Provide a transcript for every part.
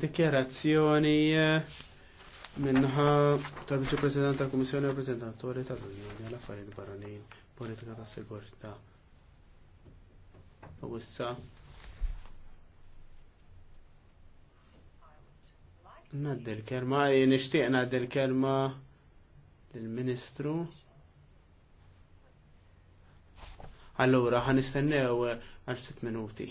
dikjerazzjoni eh, minnħa tal-Viċi President tal-Kummissjoni Rappresentantori tal-Unjoni għal-Affarijiet Barranin, Politika ta' Sigurtà. U issa Naddi l-kelma, nishtiq naddi l-kelma l-Ministru. Allura, ħanistennew eh, għal 6 minuti.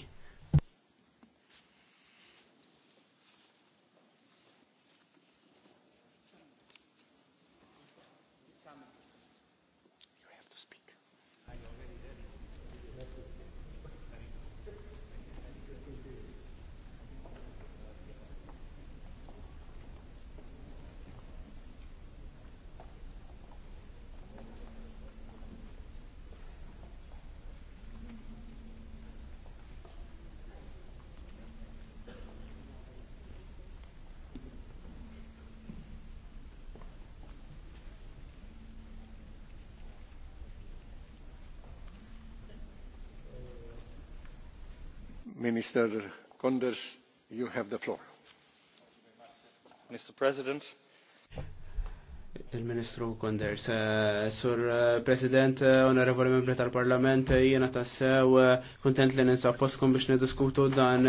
Il-Ministru Konders, eh, Sur eh, President, eh, Onorevoli Membri tal-Parlament, jiena tassew kontent li ninsab foskom biex nediskutu dan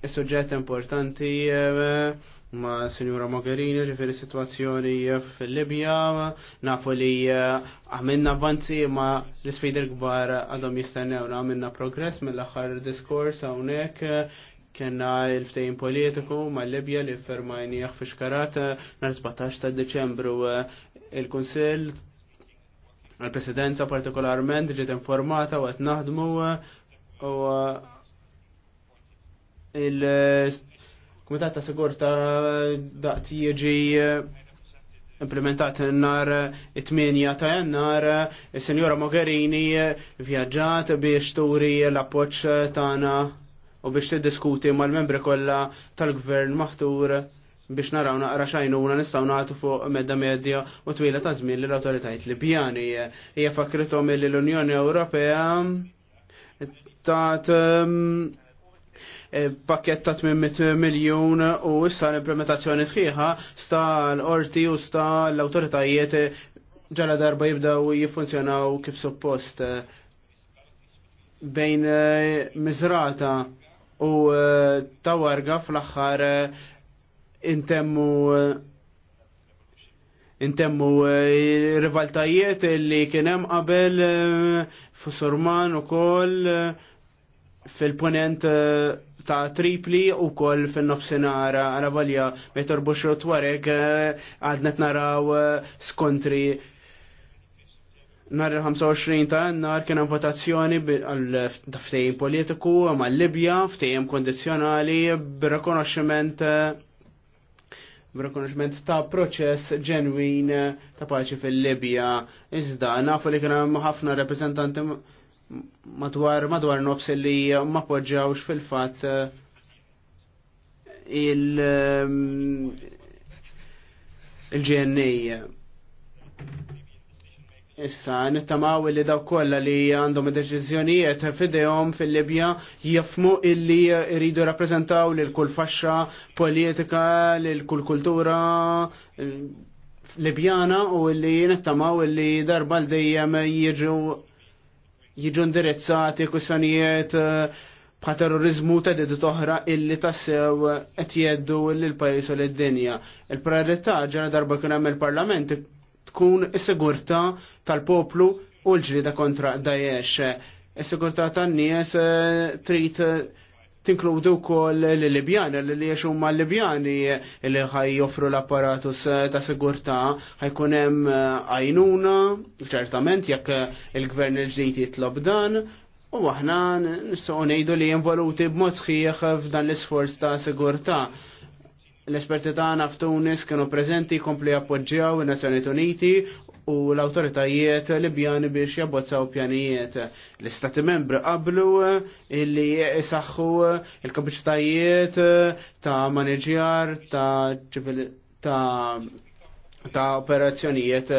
Is-suġġett importanti eh, ma' Signora Mogherini ġifiri situazzjoni eh, fil-Libja, nafu li eh, għamilna avanzi ma' l-sfidi l-kbar għadhom jistennewna għamilna progress mill-axar diskors hawnhekk kena il-ftejn politiku ma' Libja li fermajni fi xkarat nar 17 ta' Deċembru il-Kunsill il-Presidenza partikolarment ġiet informata u qed naħdmu u il-Kumitat ta' Sigurta daqt jiġi eh, implementat n-nar 8 eh, ta' jannar, eh, il-Senjora Mogherini vjaġġat biex turi l-appoċ tana u biex tiddiskuti mal-membri kollha tal-gvern maħtur biex naraw naqra xajnuna nistgħu nagħtu fuq medda medja u twila ta' żmien lill autoritajt Libjani. Hija fakritom l-Unjoni Ewropea tat ehm, Eh, pakket ta' 800 miljon u issa l-implementazzjoni sħiħa sta l-orti u sta l-autoritajiet ġala darba jibdaw jifunzjonaw kif suppost eh, bejn eh, Mizrata u Tawarga fl-axħar intemmu intemmu rivaltajiet li kienem qabel fusurman u koll fil-ponent ta' tripli u koll fin nofsinara għala valja metor buxrot warek eh, għadnet naraw eh, skontri nar 25 ta' nar kien votazzjoni għal ftejn politiku mal Libja ftejn kondizjonali b'rikonoxximent eh, b'rikonoxximent ta' proċess ġenwin ta' paċi fil-Libja. Iżda nafu li kien hemm ħafna reprezentanti madwar madwar nofs li ma poġġawx fil-fatt eh, il ehm, il-GNA. Issa, nittamaw li daw kolla li għandhom deċizjonijiet fidejhom fil-Libja jafmu illi rridu rappresentaw lil kull faxxa politika, lil kull kultura eh, Libjana u illi nittamaw illi darba l-dejjem jiġu jiġu indirizzati kwistjonijiet eh, bħal terrorizmu ta' dedu toħra illi tassew eh, qed jgħeddu lill-pajjiż u lid-dinja. Il-priorità ġara darba kien hemm il-Parlament tkun is-sigurtà tal-poplu u l-ġlida kontra Daesh. Is-sigurtà tan-nies eh, trid tinkludu wkoll l-Libjani li jiexu ma l-Libjani li ħaj joffru l-apparatus ta' sigurtà ħajkun hemm eh, għajnuna ċertament jekk il-gvern il ġdijt jitlob dan u aħna nistgħu ngħidu li jinvoluti b'mod sħiħ f'dan l-isforz ta' sigurtà l-esperti tagħna f'Tunis kienu preżenti kompli appoġġjaw in-Nazzjonijiet Uniti u l-autoritajiet Libjani biex jabbozzaw pjanijiet. L-istati membri qablu eh, illi jisaxħu eh, il-kapacitajiet eh, ta' maneġjar ta' ta' ta' operazzjonijiet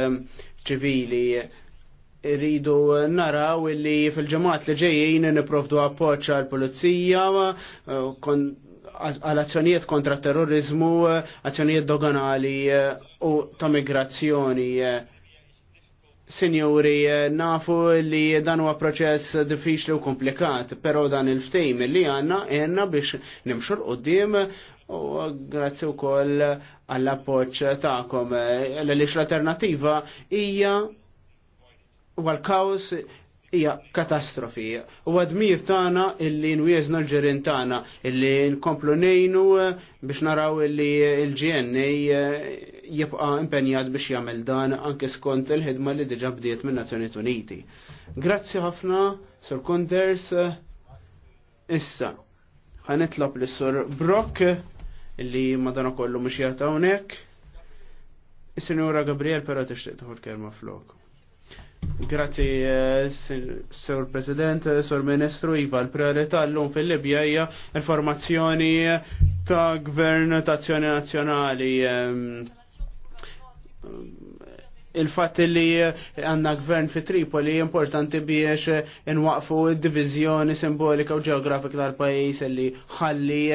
ċivili rridu naraw illi fil-ġemat li ġejjin niprofdu appoċ għal-polizija għal azzjonijiet kontra terrorizmu, azzjonijiet doganali u ta' migrazzjoni. Signori, nafu li dan huwa proċess diffiċli u komplikat, però dan il-ftejm li għanna għenna biex nimxur u dim u grazzi u koll għall-appoċ ta'kom. L-lix l-alternativa hija għal-kaos hija katastrofi. U għadmir tana illi nwieżna l-ġerin tana illi nkomplu nejnu biex naraw illi l-GNA jibqa impenjat biex jagħmel dan anke skont il-ħidma li diġà bdiet minn Nazzjonijiet Uniti. Grazzi ħafna, Sur Kunders. Issa, ħanitlob li Sur Brock illi madana kollu mhux jagħta hawnhekk. Is-Sinjura Gabriel però tixtieq tħol kelma flok. Grazzi, Sur President, Sur Ministru, Iva, l-priorità l-lum fil-Libja hija informazzjoni ta' gvern ta' azzjoni nazjonali ehm, il-fat li għanna gvern fi Tripoli importanti biex nwaqfu divizjoni simbolika u ġeografika tal-pajis li ħalli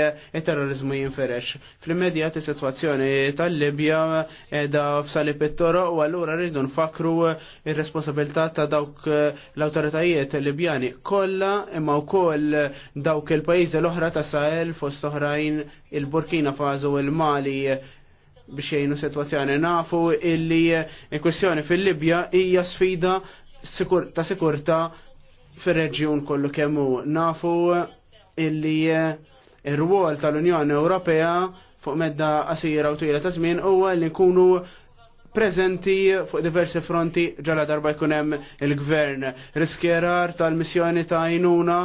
terrorizmu jinferex. Fl-immedjat situazzjoni tal-Libja da f'sali pittoro u għallura rridu nfakru il-responsabilità ta' dawk l-autoritajiet libjani kolla imma u koll dawk il pajis l-oħra ta' Sahel fost oħrajn il-Burkina Faso u il-Mali biex jgħinu situazzjoni. Nafu illi eh, il-kwestjoni fil-Libja hija sfida ta' sikurta fil-reġjun kollu kemmu. Nafu eh, illi eh, il-ruol tal-Unjoni Ewropea fuq medda qasira u twila ta' żmien huwa li nkunu prezenti fuq diversi fronti ġala darba jkunem il-gvern. riskjerar tal-missjoni ta' jnuna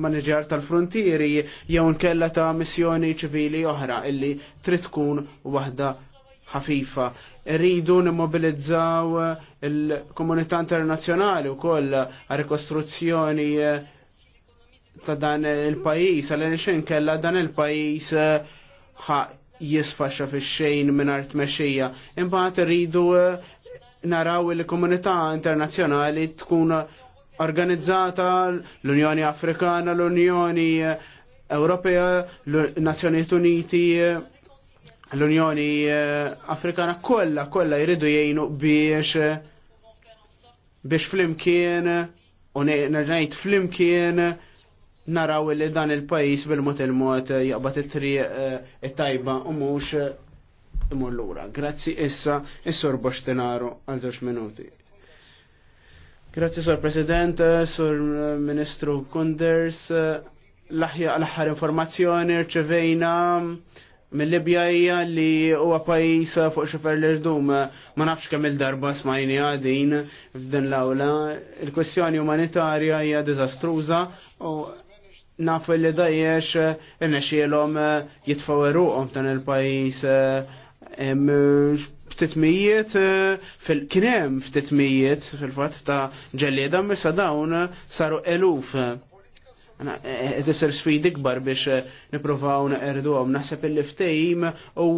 manager tal-frontieri jew nkella ta' missjoni ċivili oħra illi trid tkun waħda ħafifa. Rridu nimmobilizzaw il-komunità internazzjonali u koll rikostruzzjoni eh, ta' dan il-pajis, għal-nixin kella dan il-pajis eh, jisfaxxa fix-xejn mingħajr tmexxija. Imbagħad rridu eh, naraw il-komunità internazzjonali tkun organizzata l-Unjoni Afrikana, l-Unjoni eh, Ewropea, l-Nazzjonijiet Uniti, eh, l-Unjoni Afrikana kollha kolla jridu jgħinu biex biex flimkien u nerġajt flimkien naraw li dan il-pajis bil-mot il-mot eh, jaqbat it-triq eh, it-tajba u mux eh, imur l-ura. Grazzi issa, is-sur Boċtinaru għal żewġ minuti. Grazzi sur President, sur Ministru Kunders, Laħja aħja l-aħħar informazzjoni rċevejna mill-Libja hija li huwa pajjiż fuq xifer l-irdum ma nafx kemm il-darba smajni għadin f'din l-awla. Il-kwestjoni umanitarja hija diżastruża u Nafu li dajjex eh, n-nexielom eh, jitfaweruqom dan il-pajis eh, ftitmijiet fil-kinem ftitmijiet fil-fat ta' ġellieda missa dawn saru eluf. Tisir sfidi gbar biex niprofaw erdu għom. Naħseb il liftejim u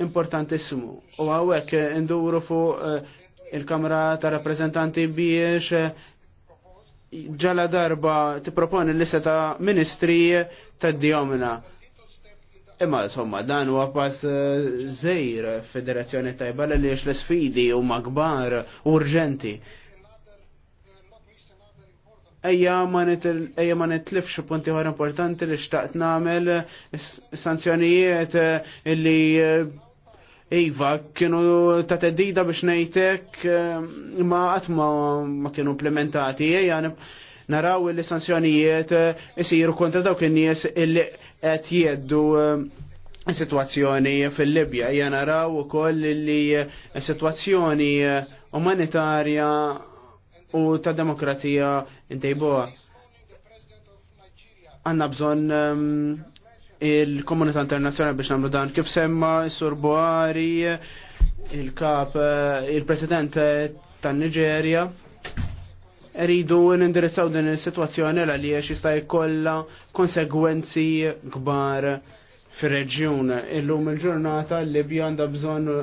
importantissimu. U għawek nduru fuq il-Kamra ta' Rappresentanti biex ġala darba tipproponi l-lista ta' ministri ta' djomna. Imma insomma dan huwa pass żejr eh, federazzjoni tajba li l-sfidi huma kbar urġenti. Ejja ma nitlifx punti ħor importanti li xtaqt nagħmel sanzjonijiet eh, li Iva, kienu ta' teddida biex nejtek eh, ma għatma ma kienu implementati, jgħan eh, naraw li sanzjonijiet jisiru eh, kontra daw kien nies illi qed jeddu situazzjoni fil-Libja. Jgħan naraw u koll li situazzjoni umanitarja u ta' demokrazija intejbuha. Għanna bżonn ehm, il-komunità internazzjonali biex nagħmlu dan kif semma s-sur Buhari, il-kap, eh, il-president eh, tan-Niġerja. Ridu nindirizzaw din is-sitwazzjoni għaliex jista' jkollha konsegwenzi kbar fir-reġjun. Illum il-ġurnata l-Libja għandha bżonn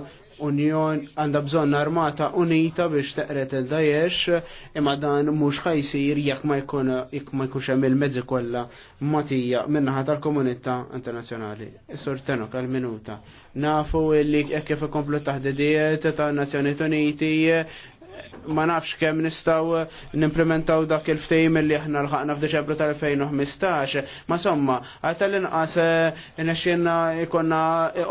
unjon għandha bżonn armata unita biex teqret il dajex imma dan mhux ħajsir jekk ma jkun jekk ma jkunx hemm il-mezzi kollha matija minnaħa tal-komunità internazzjonali. Is-sur Tenok għal minuta. Nafu li jekk kif ikomplu taħdidiet ta' Nazzjonijiet Uniti ma nafx kemm nistgħu eh, nimplementaw dak il-ftehim li aħna lħaqna f'Deċembru tal-2015. Ma somma, għata l-inqas eh, nexxinna ikonna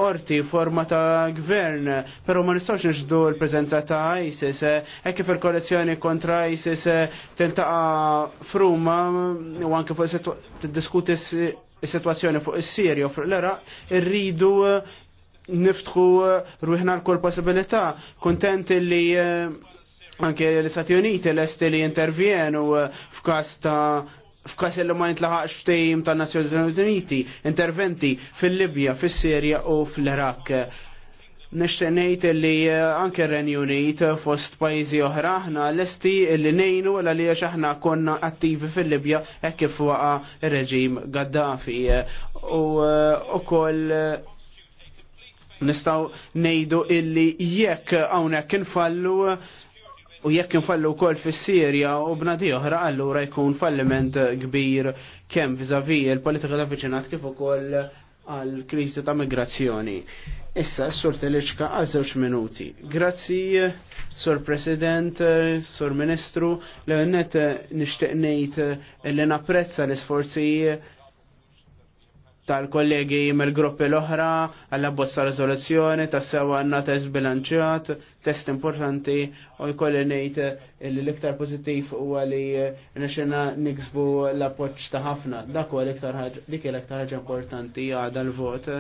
orti forma ta' gvern, però ma nistgħux nixdu l-preżenza ta' ISIS. Eh. Hekk kif il kollezzjoni kontra ISIS tiltaqa' fruma u anke fuq tiddiskuti s sitwazzjoni fuq is-Sirja u fuq l-Iraq irridu niftħu ruħna l-kol possibilità. Kontent li Anke l-Istati Uniti l-est li intervjenu uh, f'kas ta' f'kas li ma jintlaħax ftejim ta' Nazzjoni Uniti, interventi fil-Libja, fil-Sirja u fil-Irak. Nishtenejt li uh, anke Renju Unit uh, fost pajzi oħra aħna l-esti li nejnu l li aħna konna attivi fil-Libja hekk kif waqa reġim Gaddafi. U, u koll nistaw nejdu illi jekk għawnek fallu U jekk infallu wkoll fis-Sirja u bnadi oħra allura jkun falliment kbir kemm viżavi il-politika ta' viċinat kif ukoll għal kriżi ta' migrazzjoni. Issa, s-sur Teliċka għal żewġ minuti. Grazzi, sur President, sur Ministru, l-għennet nishtiqnejt li napprezza l-isforzi tal-kollegi mill-gruppi l-oħra għalla bozza rezoluzzjoni ta' sewa għanna test bilanċjat, test importanti u jkolli nejt l-iktar pozittiv u għalli nxena niksbu l-appoċ ta' ħafna. Dak u l-iktar ħagġa, dik l-iktar ħagġa importanti għada l-vot.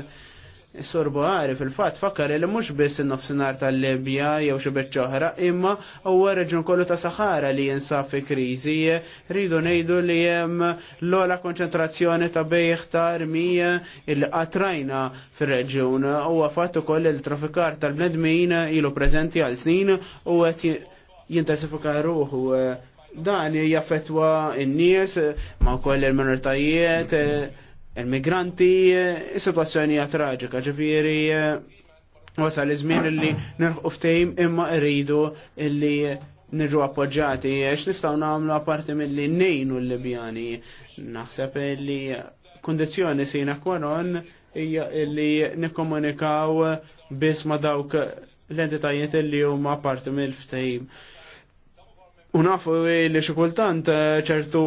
Sorboħari fil-fat fakkar li mux biss in nofsinar tal-Libja jew xi ċoħra imma huwa reġun kollu ta' Sahara li jinsab fi kriżi rridu ngħidu li hemm l-ola konċentrazzjoni ta' bejħ ta' armija il qatrajna fir-reġjun huwa fatt ukoll il-trafikar tal-bnedmin ilu preżenti għal snin u qed jintensifika ruħu dan jaffetwa n-nies ma' wkoll il-minoritajiet il-migranti, eh, situazzjoni traġika, ġifiri eh, wasal iż-żmien illi nerħu ftejm imma rridu illi eh, nirġu appoġġati, għax nistgħu nagħmlu apparti milli nejnu l-Libjani. Naħseb illi kundizzjoni sina kwaron illi nikkomunikaw biss ma dawk l-entitajiet illi huma apparti mill-ftehim. U nafu li xi kultant ċertu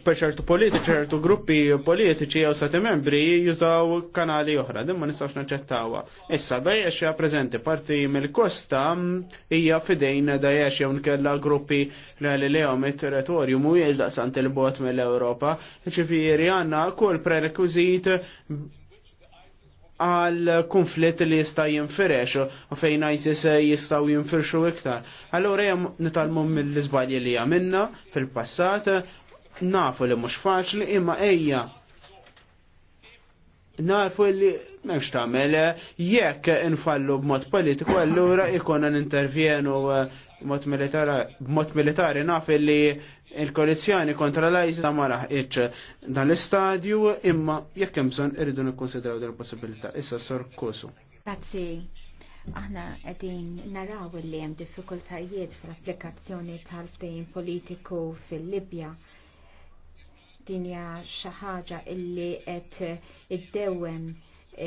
per ċertu politiċi, ċertu gruppi politiċi jew sati membri jużaw kanali oħra, din ma nistax naċċettawha. Issa Daesh hija preżenti parti mill-kosta hija fidejn Daesh jew nkella gruppi li lehom it-territorju mhuwiex daqsant il-bot mill-Ewropa. Ċifieri għandna kull prerekwiżit għal konflitt li jista' jinfirex u fejn ISIS jistgħu jinfirxu iktar. Allura hemm nitalmu mill-iżbalji li għamilna fil-passat nafu li mhux faċli imma ejja nafu li memx tagħmel jekk infallu b'mod politiku allura ikon għan eh, b'mod b'mod militari nafu li il-koalizjoni kontra l-ISIS ma iċ dan l-istadju imma jekk hemm irridu nikkonsidraw din il-possibilità. Issa sor Kosu. Grazzi. Aħna qegħdin naraw li hemm diffikultajiet fl-applikazzjoni tal-ftehim politiku fil-Libja. fil libja dinja xaħġa illi qed iddewwem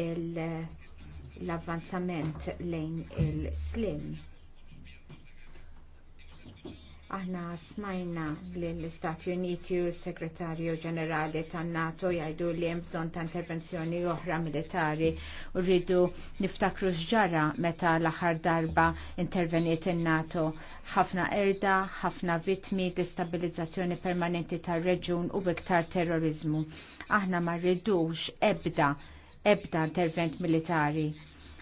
l-avvanzament lejn il-slim. Aħna smajna li l-Istati Uniti u s-Segretarju Ġenerali tan-NATO jgħidu li hemm bżonn ta' intervenzjoni oħra militari u rridu niftakru x'ġara meta l-aħħar darba interveniet in-NATO. Ħafna erda, ħafna vittmi, destabilizzazzjoni permanenti tar-reġun u iktar terrorizmu. Aħna ma rridux ebda ebda intervent militari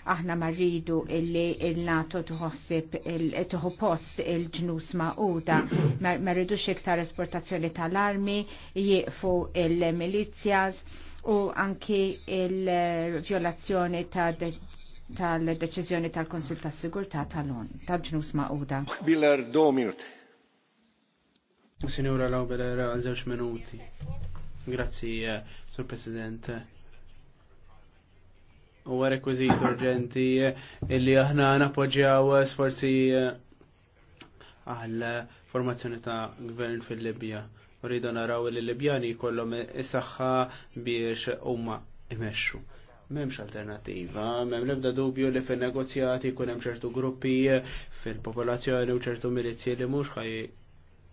Aħna marridu illi il-NATO tħossib tħu post il-ġnus ma'uda. Marridu iktar esportazzjoni tal-armi, jieqfu il-milizjas u anki il-violazzjoni ta' tal-deċizjoni tal-Konsul ta' Sigurtà tal un tal-ġnus ma'uda. Biller, do minuti. Signora Lauberer, għal minuti. Grazzi, eh, Sur President huwa rekwiżit urġenti illi aħna nappoġġjaw sforzi eh, għal formazzjoni ta' gvern fil-Libja. Rridu naraw li l-Libjani kollhom is-saħħa biex huma imexxu. M'hemmx alternattiva, m'hemm l-ebda dubju li fin-negozjati jkun hemm ċertu gruppi fil-popolazzjoni u ċertu milizzji li mhux ħaj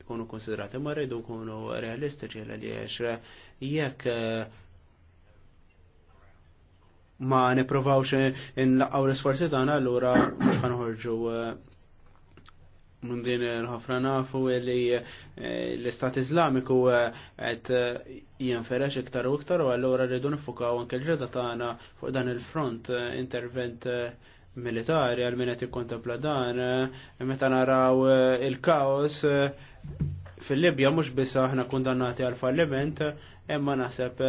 jkunu konsidrati, ma rridu jkunu realistiċi għaliex jekk eh, ma niprovawx inlaqgħu l-isforzi tagħna allura mhux ħanħorġu eh, minn din ħafna nafu li eh, l-Istat Iżlamiku eh, qed jinferex iktar u iktar u allura rridu nifukaw anke l-ġeda tagħna fuq dan il-front intervent militari għal min qed ikkontempla dan meta naraw il-kaos fil-Libja mhux biss aħna kundannati għal falliment imma naħseb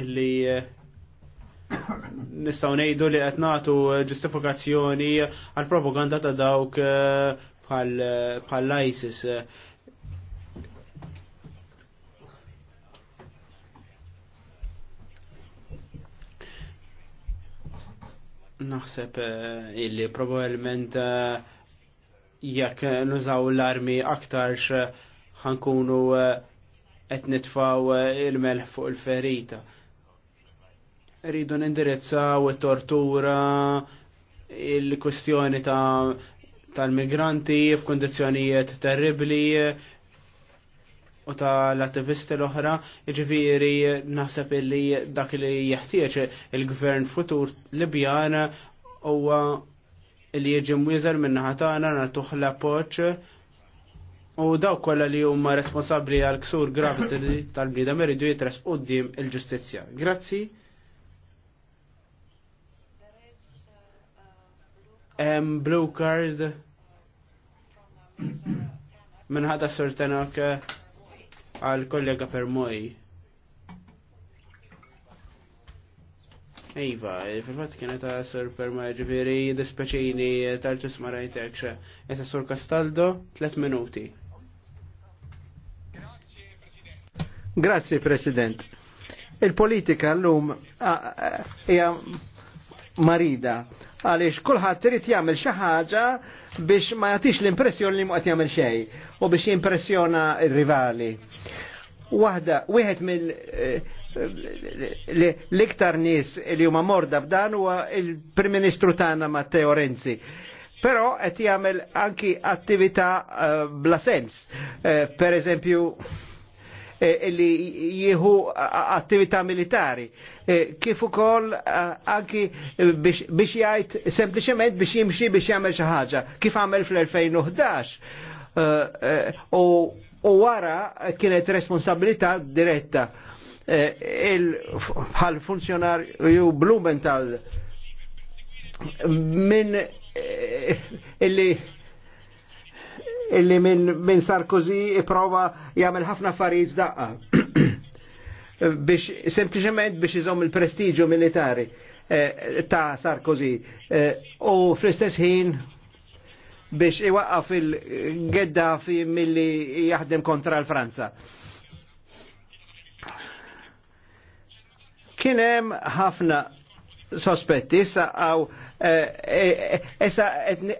illi nistaw nejdu li qed nagħtu eh, ġustifikazzjoni għal propaganda ta' dawk eh, eh, bħal ISIS. Naħseb illi probabbilment jekk nużaw l-armi aktarx ħankunu qed nitfaw il-melħ fuq il-ferita rridu nindirizzaw it-tortura, il-kwestjoni ta' tal-migranti f'kondizjonijiet terribli u tal-attivisti l-oħra, ġifiri naħseb illi dak li jeħtieġ il-gvern futur Libjan huwa li jiġi mwiżer minna ħatana na tuħla poċ u dawk kollha li huma responsabbli għal ksur gravi tal-bniedem iridu jitres qudiem il-ġustizzja. Grazzi. um, blue card minħada sortenak għal kollega per Permoj. Iva, fil-fat kienet ta' sur per Permoj ġifiri dispeċini tal-ġus marajtek xe. Eta sur Castaldo, 3 minuti. Grazie, President. Il-politika l-lum ah, ah, hija marida għaliex kulħadd irid jagħmel xi ħaġa biex ma jagħtix l-impressjoni li mqed jagħmel xejn u biex jimpressjona r-rivali. Waħda, wieħed mill eh, l-iktar nies li huma morda b'dan huwa il-Prim Ministru tagħna Matteo Renzi. Però qed jagħmel anki attività eh, bla sens. Eh, per eżempju, li jieħu attività militari E, kif ukoll e, anki e, biex jgħid sempliċement biex jimxi biex jagħmel xi ħaġa kif għamel fl-2011 u wara kienet responsabilità diretta bħal funzjonarju Blumenthal minn illi illi minn min Sarkozy iprova jagħmel ħafna affarijiet daqqa biex sempliċement biex iżom il prestiġju militari eh, ta' Sarkozy eh, u fl-istess ħin biex iwaqqaf il-Geddafi milli jaħdem kontra l-Franza. Kienem ħafna sospetti, issa għaw, eh, eh, issa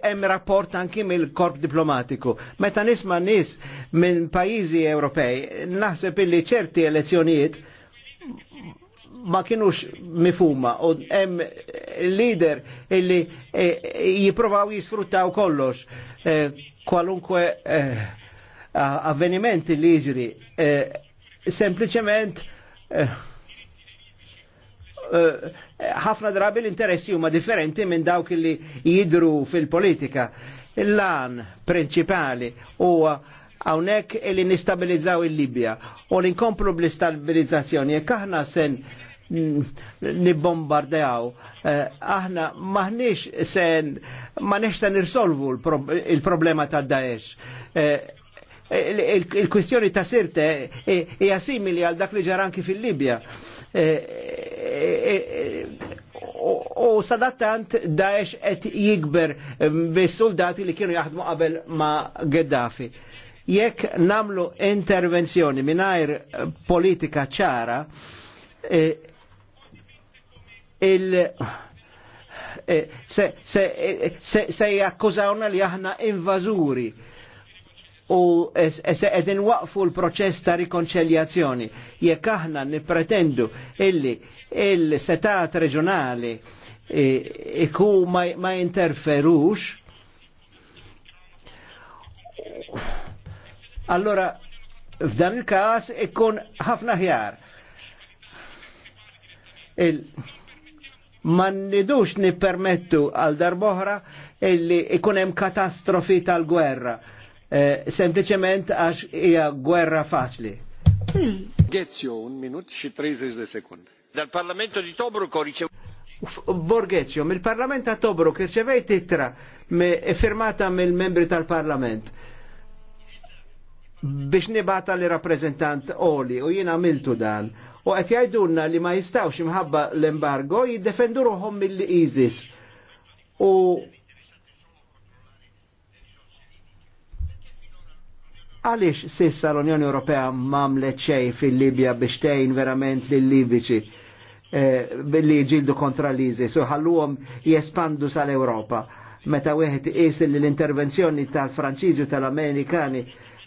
hemm rapport anki mill-korp diplomatiku. Meta nisma nis minn pajizi Ewropej, naħseb illi ċerti elezzjonijiet ma kienux mifuma u hemm leader illi eh, jiprovaw jisfruttaw kollox kwalunkwe avvenimenti li jiġri eh, ħafna drabi l-interessi huma differenti minn dawk li jidru fil-politika. L-lan prinċipali huwa hawnhekk li nistabilizzaw il-Libja u li nkomplu bl-istabilizzazzjoni jekk aħna sen nibbombardew. Eh, aħna maħniex sen maħniex sen irsolvu il-problema ta' Daesh eh, il-kwistjoni ta' sirte eh, hija simili għal dak li ġara fil-Libja u eh, eh, eh, sadattant Daesh et jikber bis-soldati li kienu jaħdmu qabel ma' Gaddafi. Jekk namlu intervenzjoni mingħajr politika ċara, il- se jakkużawna li aħna invażuri u edin waqfu l-proċess ta' rikonċeljazzjoni. Jekk aħna nipretendu illi il-setat reġjonali e, iku ma interferux, allora f'dan il-każ ikun ħafna ħjar. Ma nidux nippermettu għal darboħra illi ikun hemm katastrofi tal-gwerra Eh, sempliciment għax hija gwerra faċli. Borghezio, un minut xi 30 sekund. Dal Parlamento di Tobruk ho ricevuto Borghezio, mill-Parlament ta' Tobruk irċevejt e firmata mill-membri tal-Parlament biex nibata li rappresentant Oli u jina miltu dan. U qed jajdunna li ma jistawx imħabba l-embargo jiddefendu ruħhom mill-ISIS. U Għaliex sissa l-Unjoni Ewropea mamlet xej fil-Libja biex tejn verament lill-Libiċi eh, billi ġildu kontra l izi so ħalluhom jespandu sal europa Meta wieħed is li l-intervenzjoni tal-Franċiżi u tal-Amerikani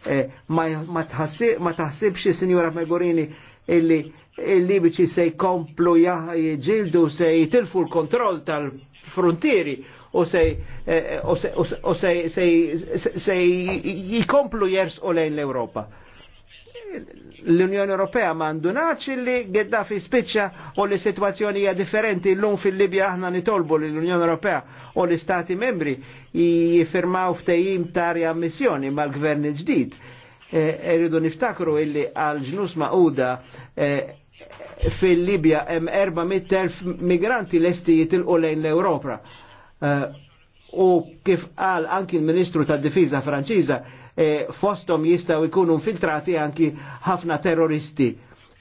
eh, ma taħsibx is-Sinjura Megorini illi il-Libiċi se jkomplu jġildu se jitilfu l-kontroll tal-frontieri u se jikomplu jers u lejn l-Europa l-Unjoni Ewropea mandunax li fi spiċċa u li situazzjoni hija differenti l-lum fil-Libja aħna nitolbu li l-Unjoni Ewropea u l-Istati membri jiffirmaw ftejim ta' riammissjoni mal-gvern ġdid. Eridu eh, niftakru illi għal ġnus ma'uda eh, fil-Libja hemm 400.000 migranti lesti jitilqu lejn l-Ewropa Eh, u kif għal anki l-Ministru tad-Difiża Franċiża eh, fostom jistaw ikunu infiltrati anki ħafna terroristi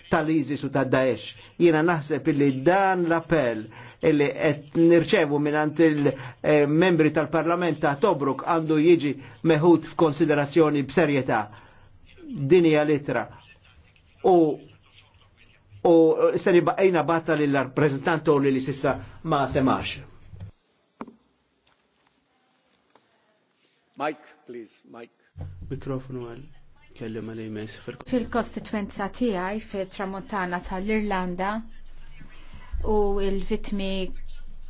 tal-ISIS u tad-Daesh. Jiena naħseb illi dan l-appell illi qed nirċevu minn il-membri eh, tal-Parlament ta' Tobruk għandu jiġi meħud f'konsiderazzjoni b'serjetà. Dinija litra. U u se li battali l lill rappresentant li li sissa ma semax. Mike, please, Mike. Mikrofonu għal kellem għal Fil-kostituenza tijaj fil-tramontana tal-Irlanda u il-vitmi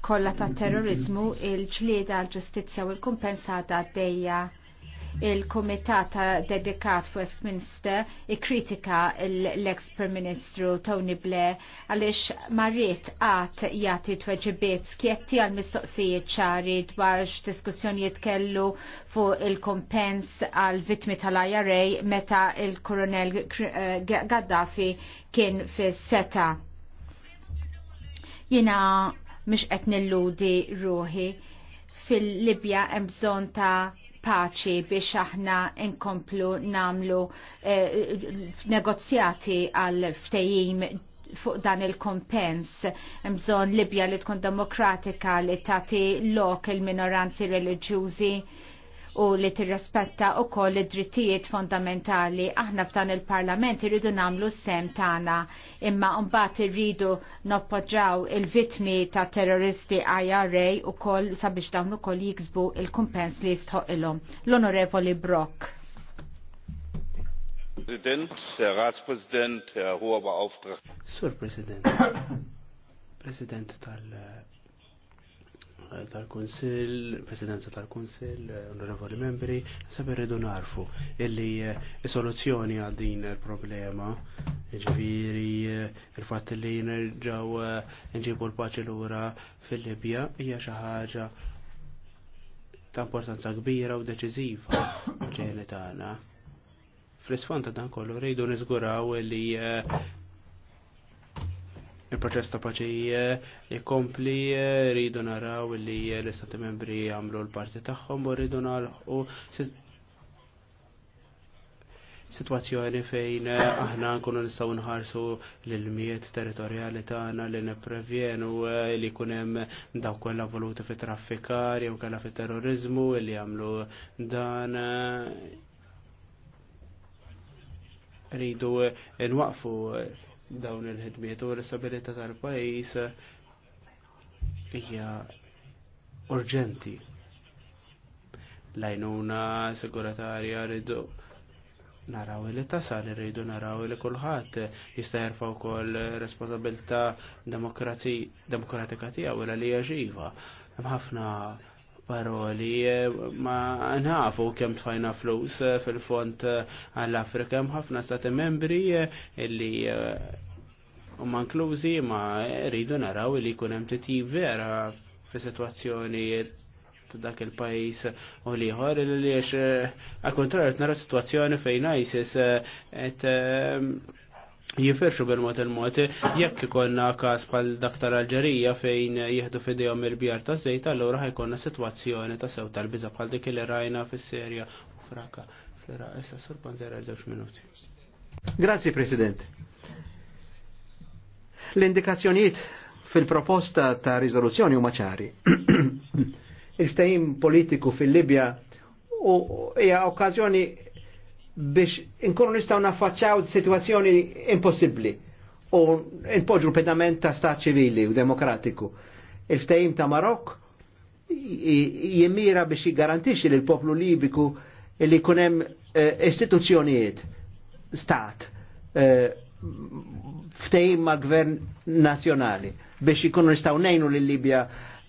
kollha ta' terrorizmu il-ġlieda għal ġustizzja u l-kumpensata għaddejja il-komitata dedikat Westminster ikkritika l-ex Prim Ministru Tony Blair għalix marriet għat jati tweġibiet skjetti għal mistoqsijiet ċari dwar x-diskussjonijiet kellu fuq il-kompens għal vitmi tal-IRA meta il-koronel eh, Gaddafi kien fi seta. Jina mish qed nilludi ruħi fil-Libja hemm bżonn ta' paċi biex aħna inkomplu namlu eh, negozjati għal ftejim fuq dan il-kompens mżon Libja li tkun demokratika li tati lok il-minoranzi religjużi u li tirrispetta u koll id-drittijiet fondamentali. Aħna f'dan il-parlament irridu namlu sem tana imma mbagħad irridu noppoġġaw il-vitmi ta' terroristi IRA u koll sabiex dawn ukoll jiksbu il-kumpens li jistħoq ilhom. L-Onorevoli Brock. President, Herr Ratspräsident, Herr Hoher Beauftragter. Sur President, President tal- tal-Kunsill, Presidenza tal-Kunsill, Onorevoli Membri, sabi rridu narfu illi eh, soluzzjoni għal din il-problema, ġviri eh, il fat li nerġaw eh, nġibu l-paċi l-ura fil-Libja, hija xi ħaġa ta' importanza kbira u deċiżiva ġejni tagħna. Fl-isfond ta' dan kollu rridu niżguraw li il-proċess ta' paċi eh, jikompli eh, rridu naraw li eh, l-istati membri għamlu l-parti tagħhom u rridu u situazzjoni fejn aħna nkunu nistgħu nħarsu l-miet territorjali tagħna li nipprevjenu li jkun hemm dawk kollha voluti fit traffikar jew kellha fit terrorizmu li jagħmlu dan rridu nwaqfu dawn il-ħidmiet u l-istabilità tal-pajjiż hija urġenti. Lajnuna seguratarja rridu naraw li tasal rridu naraw li kulħadd jista' jerfa' wkoll responsabilità demokratika tiegħu li hija ġiva. Hemm ħafna paroli ma nafu kemm tfajna flus fil-font għall-Afrika hemm ħafna stati membri eh, illi eh, ma inklużi ma rridu naraw li jkun hemm titjib vera fis-sitwazzjoni ta' dak il-pajis u liħor li għal eh, kontrarju nara situazzjoni fejn ISIS et jiferxu bil-mod il-mod jekk ikonna kas bħal dak tal-Alġerija fejn jieħdu fidejhom il-bjar ta' żejt allura ħajkonna sitwazzjoni ta' sew tal-biża bħal dik li rajna fis-Serja u fraka fl issa sur għal żewġ minuti. Grazie President. L-indikazzjonijiet fil-proposta ta' riżoluzzjoni huma ċari. il-ftajim politiku fil-Libja u hija okkażjoni biex inkunu nistaw naffaċċaw situazzjoni impossibbli u npoġġu pedament ta' stat ċivili u demokratiku. Il-ftehim ta' Marok jimmira biex li l poplu Libiku li jkun hemm eh, istituzzjonijiet stat eh, ftehim ma' gvern nazzjonali biex ikunu nistgħu ngħinu lil Libja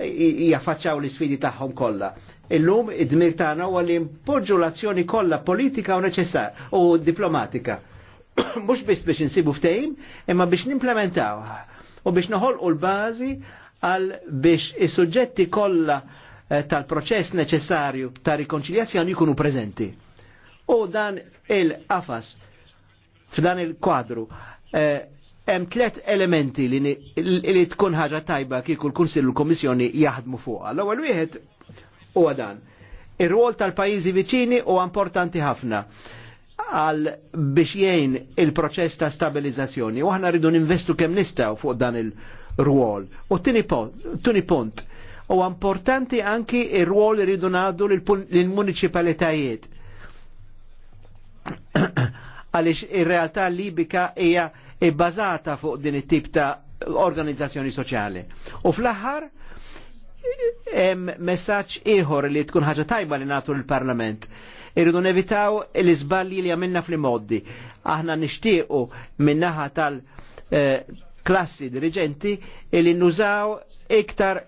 jaffaċċaw l-isfidi tagħhom kollha. Illum id-dmir tagħna huwa li mpoġġu l-azzjoni kollha politika u neċessar u diplomatika. Mhux biss biex insibu ftehim, imma biex nimplementawha u biex noħolqu l-bażi għal biex is-suġġetti kollha eh, tal-proċess neċessarju ta' rikonċiljazzjoni jkunu prezenti. U dan il-qafas f'dan il-kwadru eh, hemm tliet elementi li, tkun ħaġa tajba kieku l-Kunsill u l-Kommissjoni jaħdmu fuqha. L-ewwel wieħed huwa dan. Ir-rol tal-pajjiżi viċini huwa importanti ħafna għal biex jgħin il-proċess ta' stabilizzazzjoni. U aħna rridu ninvestu kemm nistgħu fuq dan il-rwol. U tini punt, u importanti anki il rwol rridu ngħaddu lill-municipalitajiet. Għaliex ir-realtà libika hija bazata fuq din it-tip ta' organizzazzjoni soċjali. U fl-aħħar hemm messaġġ ieħor li tkun ħaġa tajba li nagħtu l-Parlament. Irridu nevitaw l-iżbalji li għamilna fl-moddi. Aħna nixtiequ minnaħa tal-klassi eh, dirigenti li nużaw iktar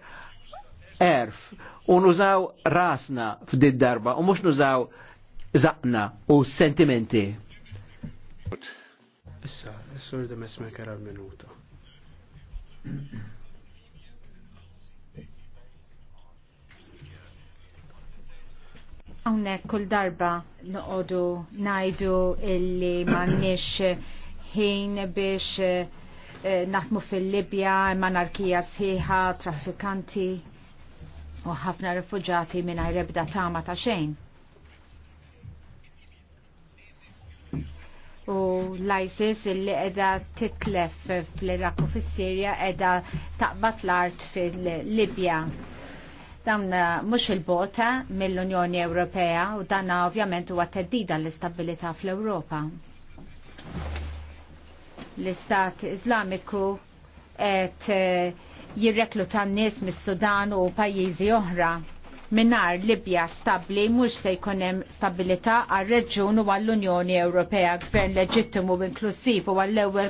erf u nużaw rasna f'did darba u mhux nużaw zaqna u sentimenti. Issa, s-sur da mesmeker għal-minuta. Għonek kull darba noqodu najdu illi mannix ħin biex eh, naħdmu fil-Libja, manarkija sħiħa, traffikanti u ħafna rifugġati minn ebda tama ta' xejn. u l-ISIS illi edha titlef fl-Iraq u fil-Sirja edha taqbat l-art fil-Libja dan eh, mhux il-bota mill-Unjoni Ewropea u dan eh, ovvjament huwa teddida l istabilita fl-Ewropa. L-Istat Islamiku qed eh, jirreklu tan nies mis-Sudan u pajjiżi oħra minar Libja stabli mux se jkunem stabilita għal reġun u għall-Unjoni Ewropea gvern leġittimu inklusiv u għall ewwel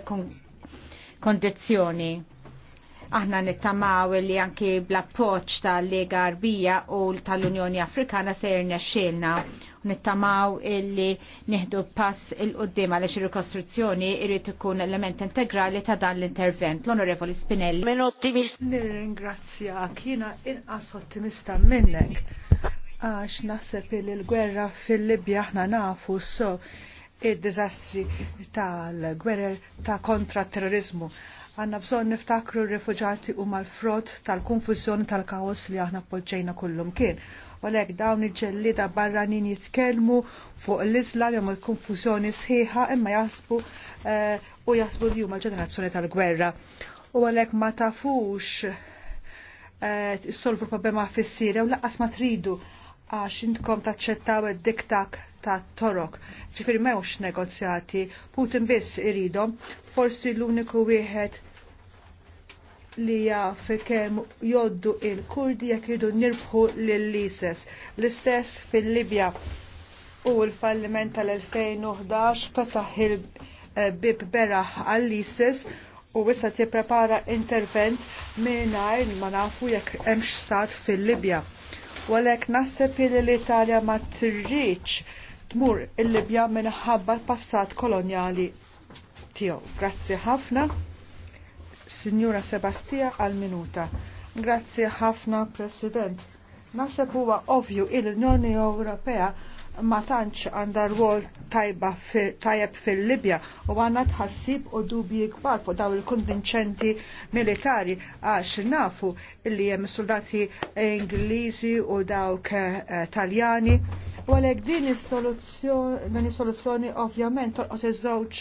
kondizjoni aħna nittamaw li anki bl poċ tal-Lega Arbija u tal-Unjoni Afrikana jirne xilna nittamaw illi nieħdu pass il-qoddim għaliex il rikostruzzjoni irid ikun element integrali ta' dan l-intervent. L-Onorevoli Spinelli. Min ottimist. Nirringrazzja kiena inqas ottimista minnek għax naħseb li l-gwerra fil-Libja aħna nafu so il dizastri tal-gwerra ta' kontra terrorizmu għanna bżon niftakru r-refuġati u mal-frott tal-konfuzjoni tal-kaos li aħna poġġejna kullum kien u lek dawn ġellida barranin jitkellmu fuq l-Islam jom konfusjoni sħiħa imma jasbu eh, u jasbu li huma ġenerazzjoni tal-gwerra. U għalek ma tafux eh, solvu problema fis u laqqas ma tridu għax intkom taċċettaw id-diktak ta' torok. ċifir mewx negozjati, Putin biss iridom, forsi l-uniku wieħed li jaf kem joddu il-Kurdi jek jridu nirbħu l-lises. L-istess fil-Libja u l-falliment tal-2011 fetaħ il-bib eh, beraħ għall-lises u wissa tipprepara intervent mingħajr ma nafu jekk hemmx stat fil-Libja. Walek naħseb li l-Italja ma tirriċ tmur il-Libja minħabba l-passat kolonjali tiegħu. Grazzi ħafna. Signora Sebastia għal minuta. Grazzi ħafna, President. Naseb huwa ovvju il-Unjoni Ewropea ma tantx għandha rwol tajba tajjeb fil-Libja u għandna tħassib u dubji kbar fuq daw il-kontinċenti militari għax nafu li hemm soldati Ingliżi u dawk eh, Taljani. U għalhekk din is-soluzzjoni ovvjament toqgħod iż-żewġ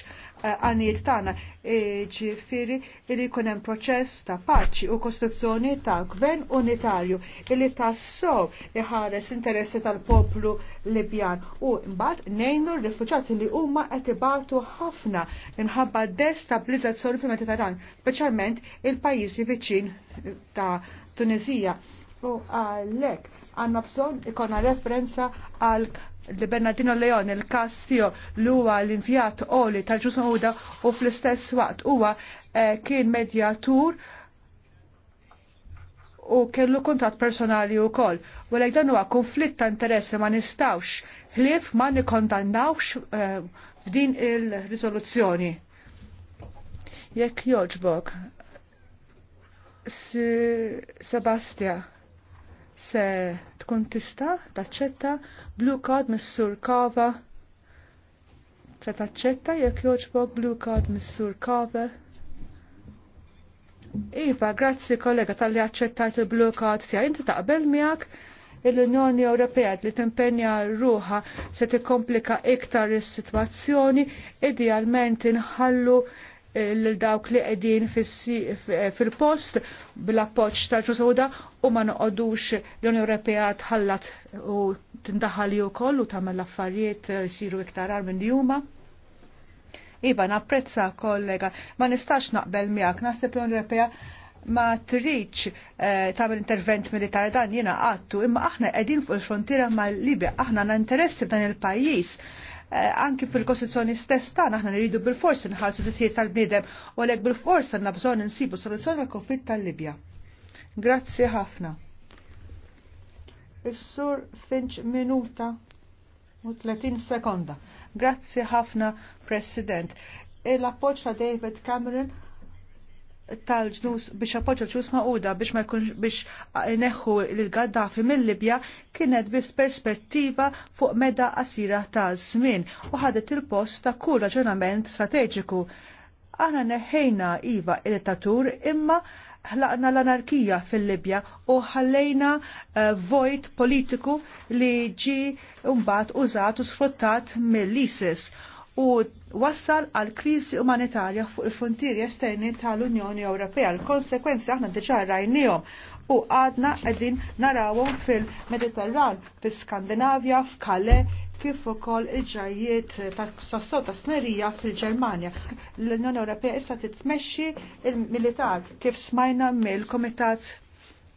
għaniet tagħna e, ġifieri li jkun hemm proċess ta' paċi u kostruzzjoni ta' gvern unitarju li tassow iħares interessi tal-poplu Libjan u mbagħad ngħinu r-rifuġjati li huma qed ibatu ħafna minħabba destabilizzazzjoni fil-Mediterran, speċjalment il-pajjiżi viċin ta' Tunizija. U għalhekk għandna bżonn ikona referenza għal li Bernardino Leon il-kas tiegħu li huwa l-invjat oli tal-ġus Mawda u fl-istess waqt huwa eh, kien medjatur u kellu kontrat personali u koll. U lejk dan huwa konflitt ta' interess li ma nistawx ħlief ma nikondannawx eh, f'din il-riżoluzzjoni. Jekk joġbok, Sebastia se tkun tista taċċetta blue card mis-sur kava se taċċetta jekk joġbok blue card mis-sur kava Iva, grazzi kollega tal-li għacċettajt il-blue card tija. Inti taqbel miak l-Unjoni Ewropea li timpenja ruħa se tikkomplika iktar is-sitwazzjoni, idealment inħallu l-dawk li qegħdin fil-post bil appoġġ tal-ġusoda u ma noqogħdux l-Unjoni Ewropea tħallat u tindaħal wkoll u tagħmel l-affarijiet eh, jsiru iktar għal minn huma. Iba napprezza kollega, ma nistax naqbel miegħek, naħseb l-Unjoni Ewropea ma triċ eh, intervent militari dan jena għattu imma aħna qegħdin fuq il-frontiera mal-Libja aħna na interessi f'dan il-pajjiż Eh, anki fil-Kostituzzjoni stess tagħna aħna nridu bil nħarsu inħarsu titjiet tal-bniedem u għalhekk bil forsi għandna bżonn insibu soluzzjoni għal konflitt tal-Libja. Grazzi ħafna. Is-sur Finch minuta u 30 sekonda. Grazzi ħafna, President. l appoġġ ta' David Cameron tal-ġnus biex appoġġa l-ġnus maquda biex ma jkunx biex neħħu l-Gaddafi mill-Libja kienet biss perspettiva fuq meda qasira ta' żmien u ħadet il-post ta' kull raġunament strateġiku. Aħna neħħejna iva il-dittatur imma ħlaqna l-anarkija fil-Libja u ħallejna uh, vojt politiku li ġi mbagħad użat u sfruttat mill-ISIS u wassal għal kriżi umanitarja fuq il-frontieri esterni tal-Unjoni Ewropea. L-konsekwenzi aħna diġà rajnihom u għadna qegħdin narawhom fil-Mediterran, fil-Skandinavja, f'Kale, kif ukoll il-ġajjiet tas sassot ta' snerija fil-Ġermanja. L-Unjoni Ewropea issa titmexxi il-militar kif smajna mill-Kumitat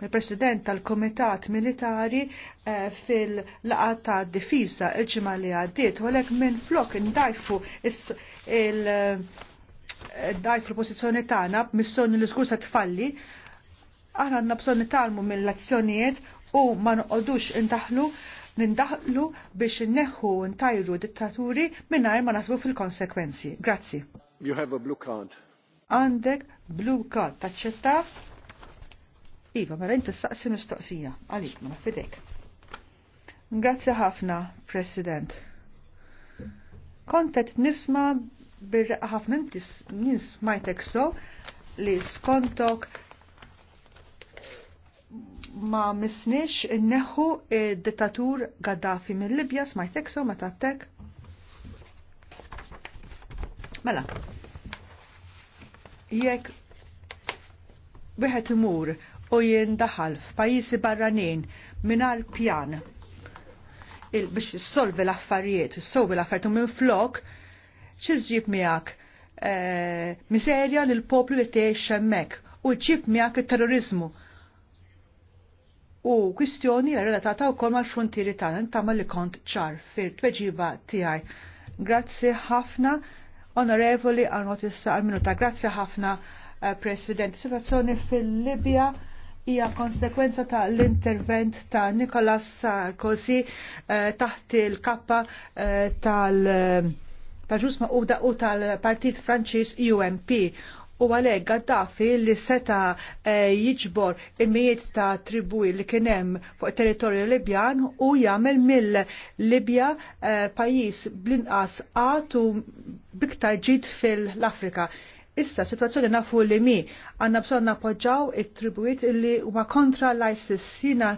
il-President tal-Komitat Militari eh, fil-laqa ta' difisa il-ġimma li għaddiet, u għalek minn flok ndajfu il-dajfu eh, l-pozizjoni tagħna missjoni l-iskur sa tfalli, aħna għandna bżonn nitalmu mill-azzjonijiet u ma noqogħdux intaħlu nindaħlu biex neħu ntajru dittaturi minnajr ma nasbu fil-konsekwenzi. Grazzi. You have a blue card. Għandek blue card, taċċetta? Iva, mara s saqsi mistoqsija, għalik ma fidek. Grazzi ħafna, President. Kontet nisma birreqa ħafna inti smajtek so li skontok ma misnix neħu dittatur Gaddafi mill-Libja smajtek so ma tattek. Mela, jekk wieħed imur u jindaħal f'pajjiżi barranin mingħajr pjan il biex jissolvi l-affarijiet, jissolvi l-affarijiet u minn flok, xizġib miegħek e, miserja lil poplu li tgħix hemmhekk u ġib miegħek it-terrorizmu. U kwistjoni relatata wkoll mal-frontieri tagħna intama li kont ċar fil-tweġiba tiegħi. Grazzi ħafna, onorevoli għal notis għal-minuta. Grazzi ħafna, eh, President. Situazzjoni fil-Libja hija konsekwenza ta' l-intervent ta' Nicolas Sarkozy eh, taħt il-kappa eh, tal- ta' u da' u tal-partit Franċis UMP. U għalek għaddafi li seta eh, jiġbor il-mijiet ta' tribuj li kienem fuq territorju Libjan u jagħmel mill-Libja pajis bl-inqas għatu biktar ġid fil-Afrika. Issa, situazzjoni nafu li mi, għanna bżon napoġġaw it-tribuit li huma kontra l-ISIS. Jina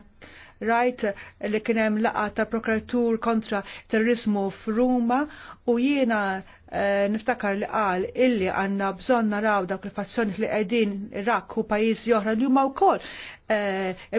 rajt li kienem laqa ta' prokuratur kontra terrorizmu f'Ruma u jiena eh, niftakar li qal illi għanna bżon naraw dawk il-fazzjoni li qegħdin Irak u pajjiżi oħra li huma wkoll e,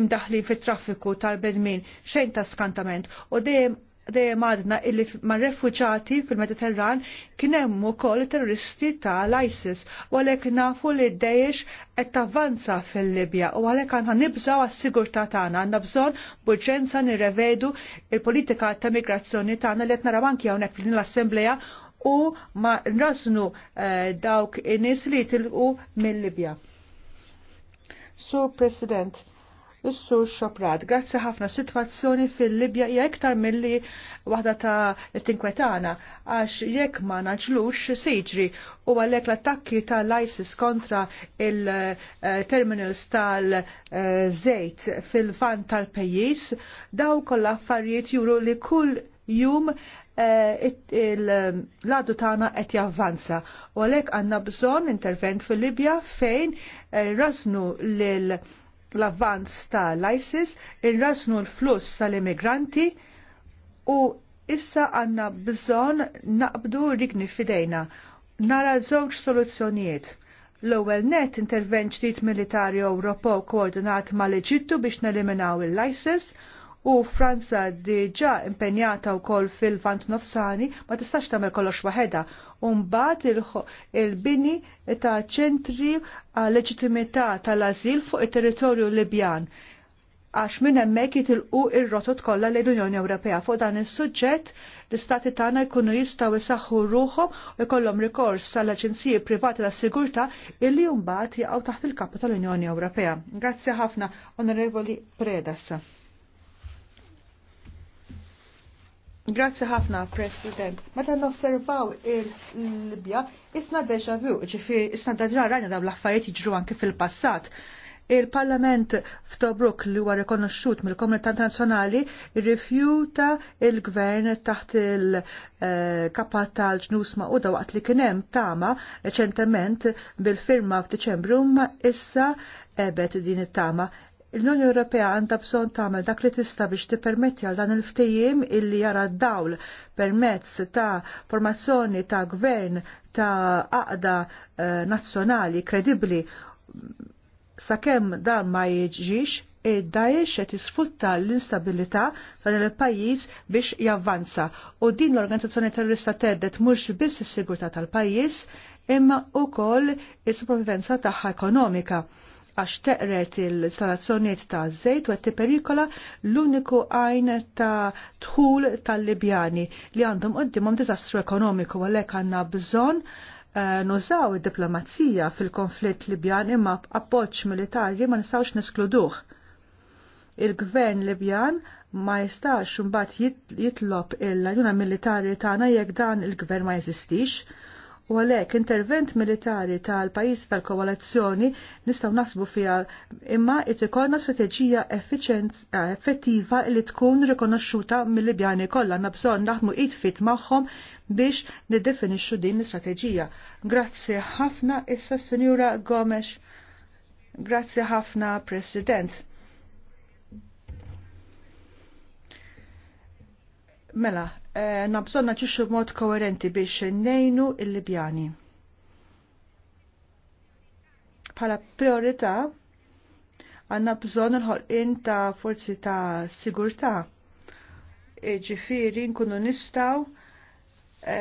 imdaħlin fit-traffiku tal-bedmin xejn ta' skantament u dejjem dejjem għadna illi ma' refuġati fil-Mediterran kien hemm ukoll terroristi l isis u għalhekk nafu li d dejx qed tavvanza fil-Libja u għalhekk għandna nibżaw għas-sigurtà tagħna għandna bżonn b'urġenza nirrevedu il-politika ta' migrazzjoni tagħna li qed naraw anke hawnhekk fil l-Assembleja u ma nraznu eh, dawk in-nies li jitilqu mill-Libja. So, President, s sur xoprat, grazzi ħafna situazzjoni fil-Libja hija iktar milli waħda ta' tinkwetana għax jekk ma naġlux siġri, u għalhekk l-attakki tal-ISIS kontra il-terminals tal-żejt fil-van tal pejis daw kollha affarijiet juru li kull jum eh, l-għadu tagħna qed javvanza. U għalhekk għandna bżonn intervent fil-Libja fejn l eh, lil l-avvanz tal-ISIS, irrasnu l-fluss tal-immigranti u issa għanna bżon naqbdu rigni fidejna. Nara żewġ soluzzjonijiet. L-ewwel net intervent ġdid militari Ewropew koordinat mal-Eġittu biex neliminaw il-ISIS u Franza diġa impenjata wkoll fil-Vant Nofsani ma tistax tagħmel kollox waħedha Umbat il-bini ta' ċentri għal leġitimità tal-azil fuq it-territorju Libjan għax minn hemmhekk jitilqu ir-rotot kollha l-Unjoni Ewropea. Fuq dan is-suġġett l-istati tagħna jkunu jistgħu jsaħħu ruħhom u jkollhom rikors sal-Aġenziji Privati tas-Sigurtà illi mbagħad jaqgħu taħt il-kapu tal-Unjoni Ewropea. Grazzi ħafna, Onorevoli Predassa. Grazzi ħafna, President. Meta nosservaw il-Libja, isna deja vu, ġifir, isna deja rajna daw l-affarijiet jiġru anki fil-passat. Il-Parlament f'Tobruk li huwa rikonoxxut mill-Komunità Internazzjonali rifjuta il-Gvern taħt il-kapa tal-ġnus maquda waqt li kien hemm tama reċentement bil-firma f'Diċembru ma issa ebet din it-tama l-Unjoni Ewropea għandha bżonn tagħmel dak li tista' biex tippermetti għal dan il-ftehim illi jara d-dawl permezz ta' formazzjoni ta' gvern ta' aqda eh, nazzjonali kredibbli sakemm dan ma jiġix id-Daesh qed isfutta l-instabilità ta' din il-pajjiż biex javvanza u din l-organizzazzjoni terrorista tgħeddet mhux biss is-sigurtà tal-pajjiż imma wkoll is-sopravivenza tagħha ekonomika għax teqret il-installazzjoniet ta' żejt u għetti perikola l-uniku għajn ta' tħul tal-Libjani li għandhom għoddimom diżastru ekonomiku għalhekk għandna bżonn eh, nużaw id-diplomazija fil-konflitt Libjan imma appoġġ militarji ma nistgħux niskluduħ. Il-gvern Libjan ma jistax mbagħad jitlob il-ajuna militari tagħna jekk dan il-gvern ma jeżistix U għalek, intervent militari tal-pajis tal-koalazzjoni nistaw naħsbu fija imma it ikolna strateġija eh, effettiva li tkun rikonoxxuta mill-Libjani kollha nabżon naħmu id-fit magħhom biex niddefinixxu din l-istrateġija. Grazzi ħafna issa Sinjura Gomes. Grazzi ħafna President. Mela, eh, nabżonna ġiexu mod koerenti biex nejnu il-Libjani. Pala priorità għanna bżon il-ħolqin ta' forzi ta' sigurtà. Ġifiri nkunu nistaw e,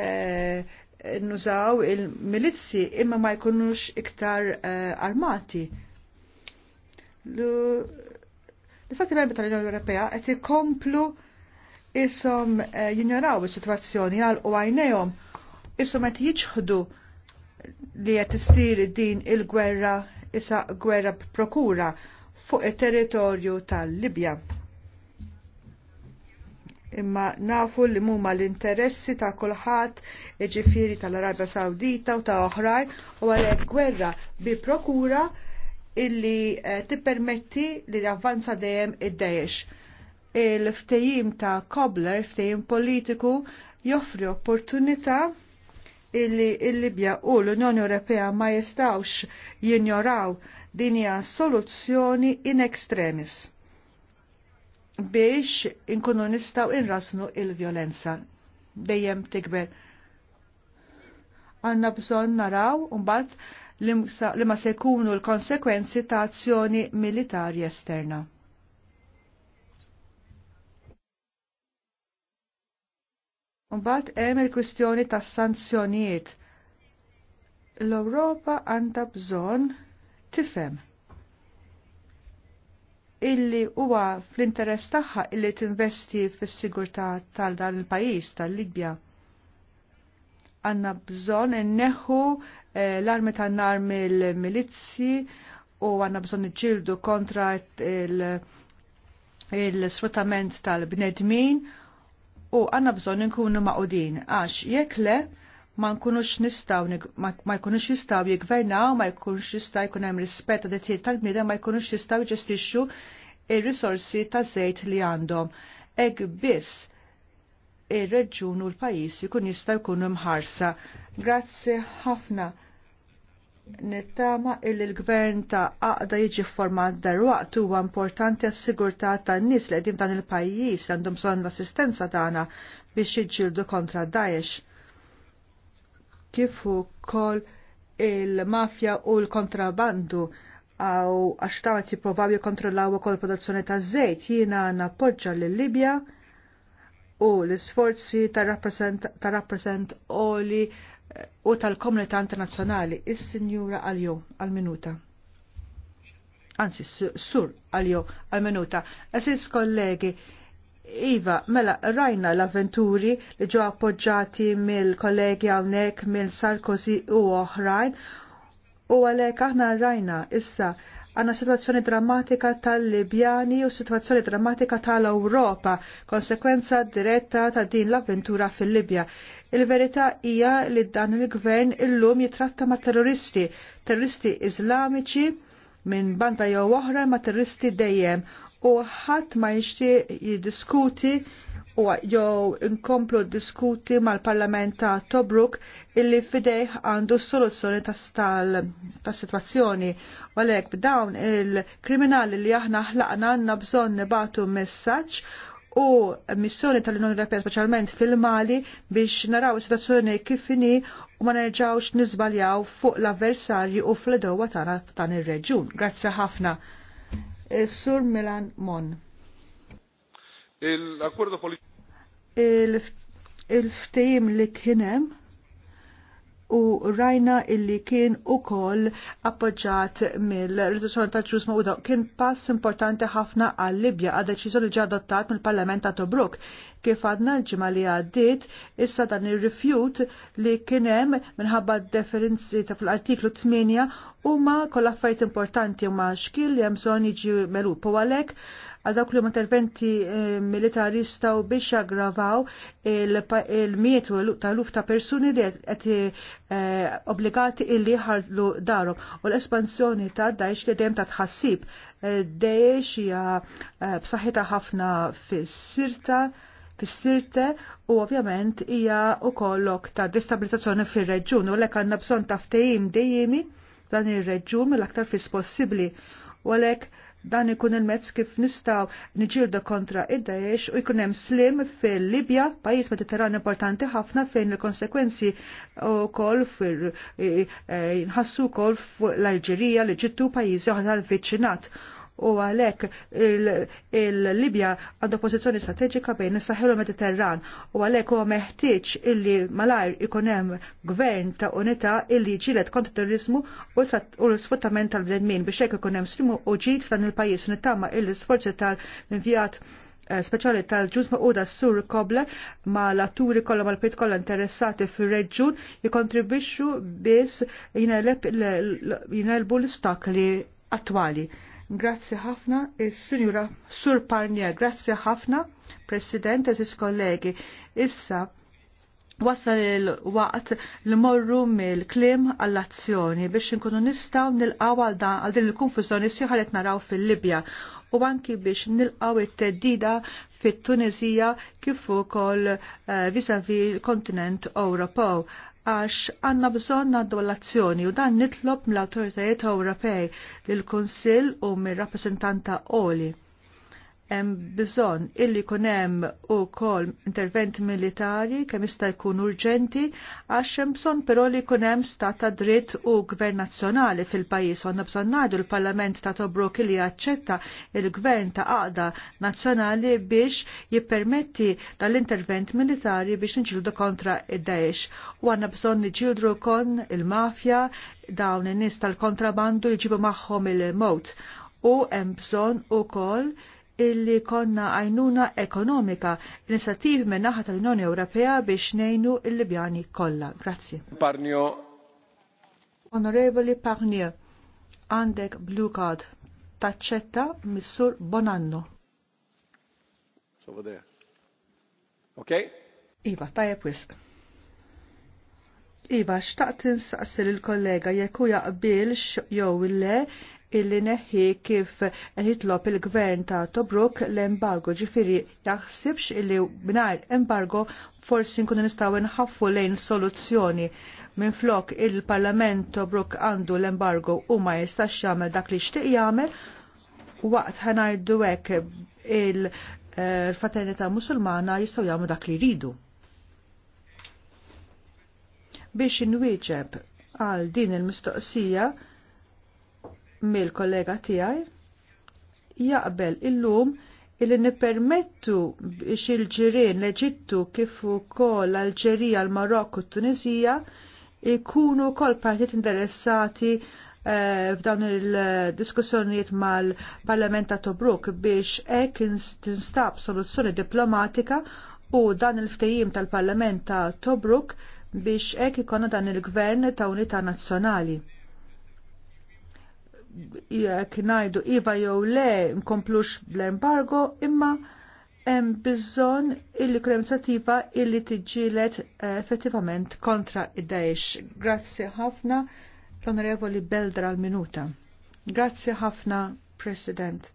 nużaw il-milizzi imma ma jkunux iktar eh, armati. L-Istati Membri tal-Unjoni Ewropea qed ikomplu jisom eh, jinjoraw is-sitwazzjoni għal u għajnejhom jisom qed jiġħdu li qed issir din il-gwerra isa gwerra prokura fuq it-territorju tal-Libja. Imma nafu li mumma l-interessi ta' kulħadd iġifiri tal-Arabja Sawdita u ta' oħrajn u għalhekk gwerra bi prokura illi eh, tippermetti li avvanza dejjem id-Daesh il-ftejim ta' Kobler, ftejim politiku, joffri opportunità illi il-Libja u l-Unjoni Ewropea ma jistawx jinjoraw dinja soluzzjoni in extremis biex inkunu nistaw inrasnu il-violenza dejjem tikber. Għanna bżon naraw mbagħad li ma se jkunu l-konsekwenzi ta' azzjoni militari esterna. Mbagħad hemm il-kwistjoni tas-sanzjonijiet. L-Ewropa għandha bżonn tifhem illi huwa fl-interess tagħha illi tinvesti fis-sigurtà tal dan il-pajjiż tal-Libja. Għandna bżonn inneħħu eh, l-armi tan-nar mill-milizzi u għandna bżonn iġġieldu kontra il-sfruttament tal-bnedmin il u għanna bżon nkunu maqudin għax jekk le ma nkunux nistaw ma jkunux jistaw jigvernaw ma jkunux jistaw jkun hemm rispett ta' tal mida ma jkunux jistaw jġestixxu il risorsi ta' żejt li għandhom. Ek biss ir-reġjun u l-pajjiż ikun jista' jkunu mħarsa. Grazzi ħafna. Nittama illi l-gvern ta' għaqda jiġi format darwaqt huwa importanti għas sigurtà tan nies li għedim dan il-pajjiż li għandhom bżonn l-assistenza tagħna biex jiġġieldu kontra Daesh. Kif ukoll il-mafja u l-kontrabandu għaw għax tamet jipprovaw jikontrollaw ukoll produzzjoni ta' żejt jiena nappoġġa lill-Libja u l-isforzi ta' rappresent oli u tal-komunità internazzjonali is-Sinjura għalju għal-minuta. Anzi, sur għalju għal-minuta. Eżis kollegi, Iva, mela, rajna l-avventuri li ġo appoġġati mill-kollegi għawnek, mill-Sarkozy u oħrajn, u għalek aħna rajna issa għanna situazzjoni drammatika tal-Libjani u situazzjoni drammatika tal-Europa, konsekwenza diretta ta' din l-avventura fil-Libja. Il-verità hija li dan il-gvern illum jitratta ma' terroristi, terroristi iżlamiċi minn banda jew oħra ma' terroristi dejjem u ħadd ma jixtieq jiddiskuti u jew inkomplu diskuti mal-Parlament ta' Tobruk illi fidejh għandu soluzzjoni ta' situazzjoni. U b'dawn il-kriminali li aħna ħlaqna għandna bżonn nibatu messaġġ u missjoni tal-Unjoni Ewropea speċjalment fil-Mali biex naraw situazzjoni kifini u ma nerġawx nizbaljaw fuq l-avversarju u fl-edowa tagħna f'dan ir-reġjun. Grazzi ħafna. Eh, Sur Milan Mon. Il-akkordu politiku il-ftejim li kienem u rajna illi kien u kol appoġġat mill-riduzzjoni tal-ġus mawda kien pass importanti ħafna għal-Libja għad deċiżjoni ġa adottat mill-Parlament ta' Tobruk kif għadna l-ġimgħa li għaddiet issa dan ir-rifjut li kien hemm minħabba deferenzi ta' fl-artiklu 8 huma kollha affarijiet importanti huma xkil li hemm bżonn jiġi melub għalek. għalhekk għal dawk li interventi eh, militari staw biex aggravaw il mietu ta' luf ta' persuni li qed eh, obbligati illi ħarlu darhom u l-espansjoni ta' Daesh li dem ta' tħassib. Eh, Daesh hija b'saħħitha ħafna fis-sirta fis-sirte u ovvjament hija ukollok ta' destabilizzazzjoni fir-reġjun u lek għandna bżonn ta' ftehim dejjimi dan ir-reġjun mill-aktar fis possibbli u għalhekk Dan ikun il-mezz kif nistaw niġilda kontra id-Daesh u jkun hemm slim fil-Libja, pajjiż mediterran importanti ħafna fejn il-konsekwenzi kol fil nħassu wkoll eh, eh, l-Alġerija, l-Eġittu, pajjiżi oħra tal u għalhekk il-Libja għandu pożizzjoni strateġika bejn is sahel u Mediterran u għalhekk huwa meħtieġ illi malajr ikun hemm gvern ta' unità illi ġilet kont terrorizmu u l-sfruttament tal-bnedmin biex hekk ikun hemm u ġid f'dan il-pajjiż nittama il-sforzi tal-invjat eh, speċjali tal-ġuż maquda sur kobla ma l-atturi kollha mal pit kollha interessati fir-reġjun jikontribwixxu biss jinelbu l li attwali. Grazzi ħafna, il-Sinjura Sur Parnia, grazzi ħafna, President, eżis kollegi. Issa, wasal l waqt li morru mill-klim għall-azzjoni biex nkunu nistaw nil-qaw għal din il-konfuzjoni siħalet naraw fil-Libja u anki biex nilqaw it-teddida fit-Tunezija kif ukoll uh, eh, vis-a-vis l-kontinent Ewropew għax għanna bżon għaddu l-azzjoni u dan nitlob mill-autoritajiet Ewropej lill kunsill u mir-rappreżentanta Oli hemm bżonn illi jkun hemm ukoll intervent militari kemm jista' jkun urġenti għax hemm bżonn però li jkun hemm stat ta' dritt u gvern nazzjonali fil-pajjiż għandna bżonn ngħidu l-Parlament ta' Tobruk li jaċċetta il-gvern ta' qagħda nazzjonali biex jippermetti dal-intervent militari biex niġildu kontra id-Daesh. U għandna bżonn niġildu kon il-mafja dawn in-nies tal-kontrabandu jġibu magħhom il-mowt u hemm bżonn ukoll illi konna għajnuna ekonomika inizjattiv minn naħa tal-Unjoni Ewropea biex nejnu il-Libjani kollha. Grazzi. Parnio. Onorevoli Parnio, għandek blue card taċċetta missur Bonanno. So Ok? Iva, tajjeb wisq. Iva, xtaqt insaqsil il-kollega jekk jaqbilx jew le illi neħi kif jitlob il-gvern ta' Tobruk l-embargo ġifiri jaħsibx illi minar embargo forsi nkunu nistaw nħaffu lejn soluzzjoni minn flok il-parlament Tobruk għandu l-embargo u ma jistax jagħmel dak li xtieq jagħmel waqt ħanajdu hekk il-fraternità eh, musulmana jistgħu jagħmlu dak li jridu biex inwieġeb għal din il-mistoqsija mill-kollega tiegħi jaqbel illum illi nippermettu biex il-ġirien l-Eġittu kif ukoll l-Alġerija, l-Marokku, t-Tunisija ikunu kol partit interessati eh, f'dawn il-diskussjonijiet mal-Parlament ta' Tobruk biex hekk tinstab soluzzjoni diplomatika u dan il-ftehim tal-Parlament ta' Tobruk biex hekk ikonu dan il-Gvern ta' Unità Nazzjonali jekk iva jew le nkomplux bl-embargo imma hemm bżonn illi kull inizjattiva illi tiġġieled eh, effettivament kontra id-Daesh. Grazzi ħafna l-Onorevoli Beldra l-Minuta. Grazzi ħafna, President.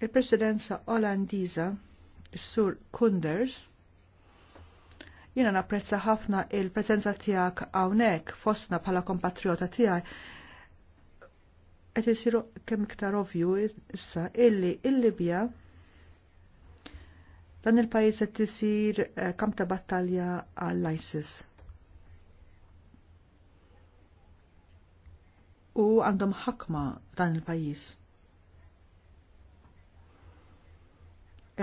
Il-Presidenza Olandiża, sur Kunders, Jiena napprezza ħafna il-prezenza tiegħek hawnhekk fosna bħala kompatriota tiegħi qed isiru kem iktar ovju issa illi il-Libja dan il-pajjiż qed isir eh, kam ta' battalja għall-ISIS. U għandhom ħakma dan il-pajjiż.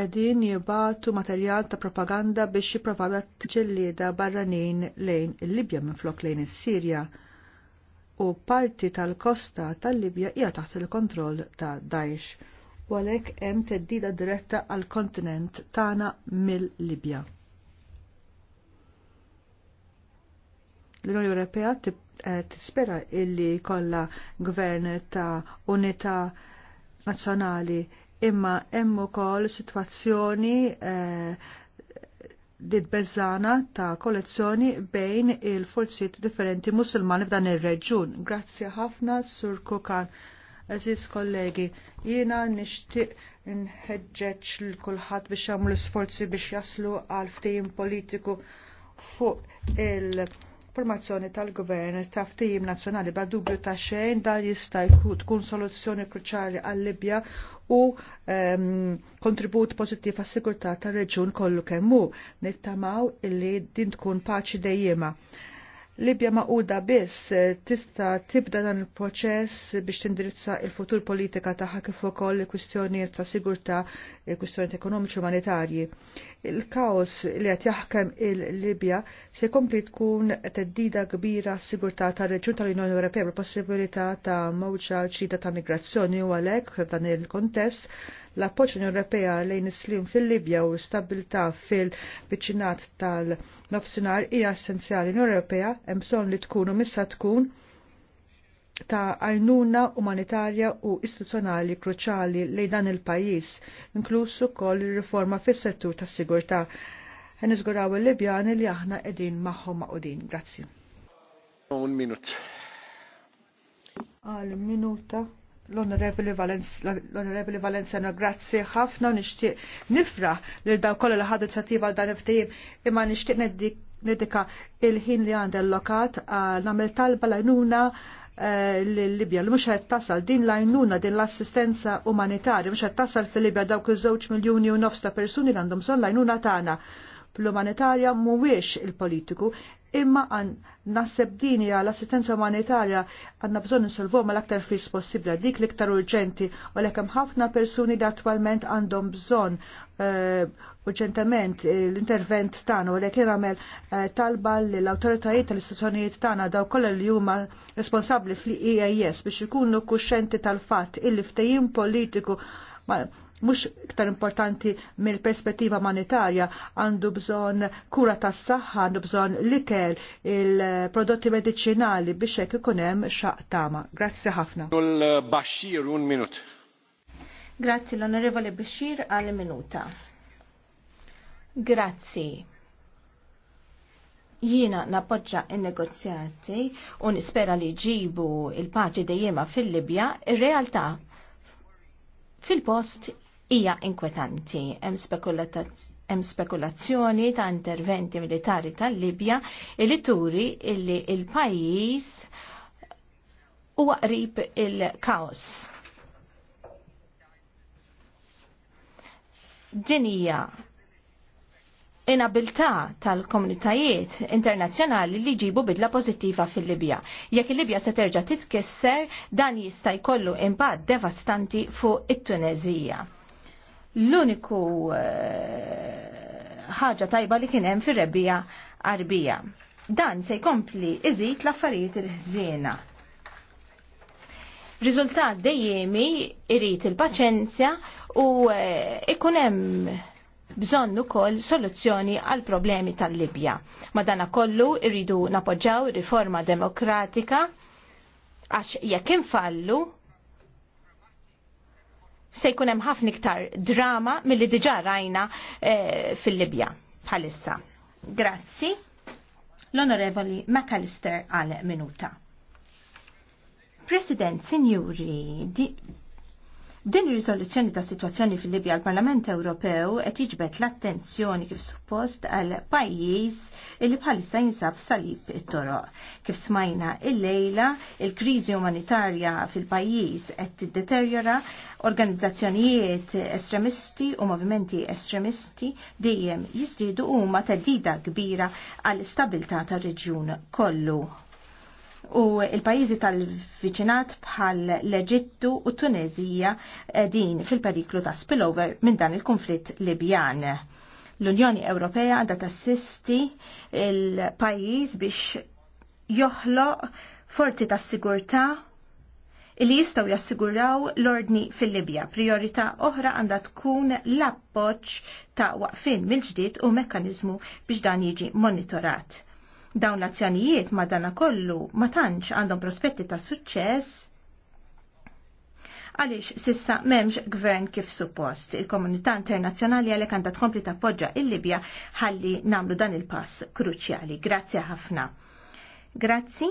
edin jibatu materjal ta' propaganda biex jiprovada t-ġellieda barranin lejn il-Libja minn flok lejn is-Sirja u parti tal-kosta tal-Libja hija taħt il-kontroll ta' Daesh u għalhekk hemm teddida diretta għal kontinent tagħna mill-Libja. L-Unjoni Ewropea eh, tispera illi kollha gvern ta' unità nazzjonali imma hemm ukoll sitwazzjoni eh, dit bezzana ta' kollezzjoni bejn il-forzijiet differenti musulmani f'dan ir-reġjun. Grazzi ħafna Sur Kukan. Aziz kollegi, jiena nixtieq nħeġġeġ l kulħadd biex jagħmlu sforzi biex jaslu għal ftehim politiku fuq il- Informazzjoni tal-gvern ta' ftehim nazzjonali bla dubju ta' xejn dan jista' tkun soluzzjoni kruċjali għall-Libja u um, kontribut pozittiv għas sigurtà tar-reġjun kollu kemm hu. Nittamaw illi din tkun paċi dejjema. Libja maquda biss eh, tista tibda dan il-proċess biex tindirizza il-futur politika tagħha kif ukoll il-kwistjonijiet ta' sigurtà, il-kwistjonijiet ekonomiċi umanitarji. Il-kaos li qed jaħkem il-Libja se jkompli tkun teddida kbira s-sigurtà tar-Reġjun tal-Unjoni Ewropea bil-possibilità ta' mowġa ċida ta' migrazzjoni u għalhekk f'dan il-kontest l-appoġġ l Ewropea lejn is-slim fil-Libja u stabilità fil-viċinat tal-nofsinhar hija essenzjali. in Ewropea hemm bżonn li tkun u missa tkun ta' għajnuna umanitarja u istituzzjonali kruċali lejn dan il-pajjiż, inkluż ukoll ir-riforma fis-settur tas-sigurtà. Ħen iżguraw il-Libjani li aħna qegħdin magħhom maqudin. Grazzi. Un minut. Għal minuta l-Onorevoli Valenzano, grazzi ħafna nixtieq nifra li daw kolla li ħadu inizjattiva dan il imma nixtieq nedika il-ħin li għandha allokat nagħmel talba l-ajnuna e, l-Libja li mhux qed tasal din l-Ajnuna din l-assistenza umanitarja mhux qed tasal fil-Libja daw kull żewġ miljuni u nofs ta' persuni li għandhom l-għajnuna tagħna l-umanitarja mhuwiex il-politiku imma għan naħseb dini għal assistenza umanitarja għanna bżon nisolvu ma l-aktar fis possibla dik l-iktar urġenti u l-ekem ħafna persuni li attualment għandhom bżon eh, urġentament eh, l-intervent tagħna u l għamel eh, talba l-autoritajiet tal-istituzzjonijiet tagħna daw kollha li huma responsabbli fl-EAS biex ikunu kuxxenti tal-fatt illi ftehim politiku mhux iktar importanti mill-perspettiva umanitarja għandu bżonn kura tas-saħħa, għandu bżonn l-ikel, il-prodotti medicinali biex hekk ikun hemm xaq tama. Grazzi ħafna. Bashir un minut. Grazzi l-Onorevole Bashir għal minuta. Grazzi jiena nappoġġa il-negozjati u nispera li ġibu il-paċi dejjema fil-Libja, ir-realtà fil-post hija inkwetanti. Hemm spekulazzjoni ta' interventi militari tal-Libja li turi illi il-pajjiż huwa qrib il-kaos. Din hija inabilta tal-komunitajiet internazzjonali li ġibu bidla pozittiva fil-Libja. Jekk il-Libja se terġa' titkisser, dan jista' jkollu impatt devastanti fuq it-Tunezija l-uniku eh, ħaġa tajba li kien hemm fir-rebbija arbija. Dan se jkompli iżid l-affarijiet il-ħżiena. Riżultat dejjemi irrit il-paċenzja u eh, ikun hemm bżonnu kol soluzzjoni għal problemi tal-Libja. Madana kollu irridu napoġġaw riforma demokratika għax jekk infallu se jkun hemm ħafna iktar drama milli diġà rajna eh, fil-Libja bħalissa. Grazzi. L-Onorevoli McAllister għal minuta. President, Signori, di Din ir-riżoluzzjoni ta' situazzjoni fil-Libja l-Parlament Ewropew qed jiġbed l-attenzjoni kif suppost għal pajjiż li bħalissa jinsab salib it-toroq. Kif smajna il-lejla, il-kriżi umanitarja fil-pajjiż qed tiddeterjora organizzazzjonijiet estremisti u movimenti estremisti dejjem jiżdiedu huma teddida kbira għall-istabilità tar-reġjun kollu u il-pajizi tal-viċinat bħal l-Eġittu u Tunezija eh, din fil-periklu ta' spillover minn dan il-konflitt Libjan. L-Unjoni Ewropea għandha tassisti il-pajjiż biex joħloq forzi ta' sigurtà li jistgħu jassiguraw l-ordni fil-Libja. Priorità oħra għandha tkun l-appoġġ ta' waqfin mill-ġdid u mekkaniżmu biex dan jiġi monitorat Dawn l-azzjonijiet dana kollu ma tantx għandhom prospetti ta' suċċess għaliex sissa memx gvern kif suppost. Il-komunità internazzjonali għalek għandha tkompli tappoġġa il-Libja ħalli namlu dan il-pass kruċjali. Grazzi ħafna. Grazzi.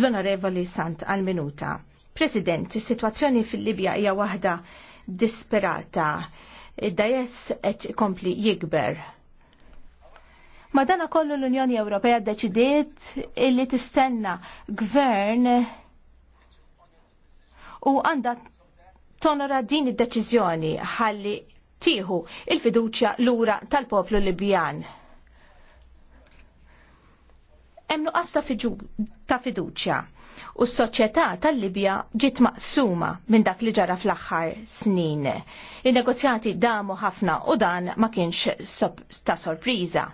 L-Onorevoli Sant għal-minuta. President, is-sitwazzjoni fil-Libja hija waħda disperata. id dajess qed ikompli jikber Ma dana kollu l-Unjoni Ewropea deċidiet illi tistenna gvern u għanda tonora din id-deċiżjoni ħalli tieħu il-fiduċja lura tal-poplu Libjan. Hemm nuqqas ta' fiduċja u s-soċjetà tal-Libja ġiet maqsuma minn dak li ġara fl-aħħar snin. In-negozjati damu ħafna u dan ma kienx ta' sorpriża.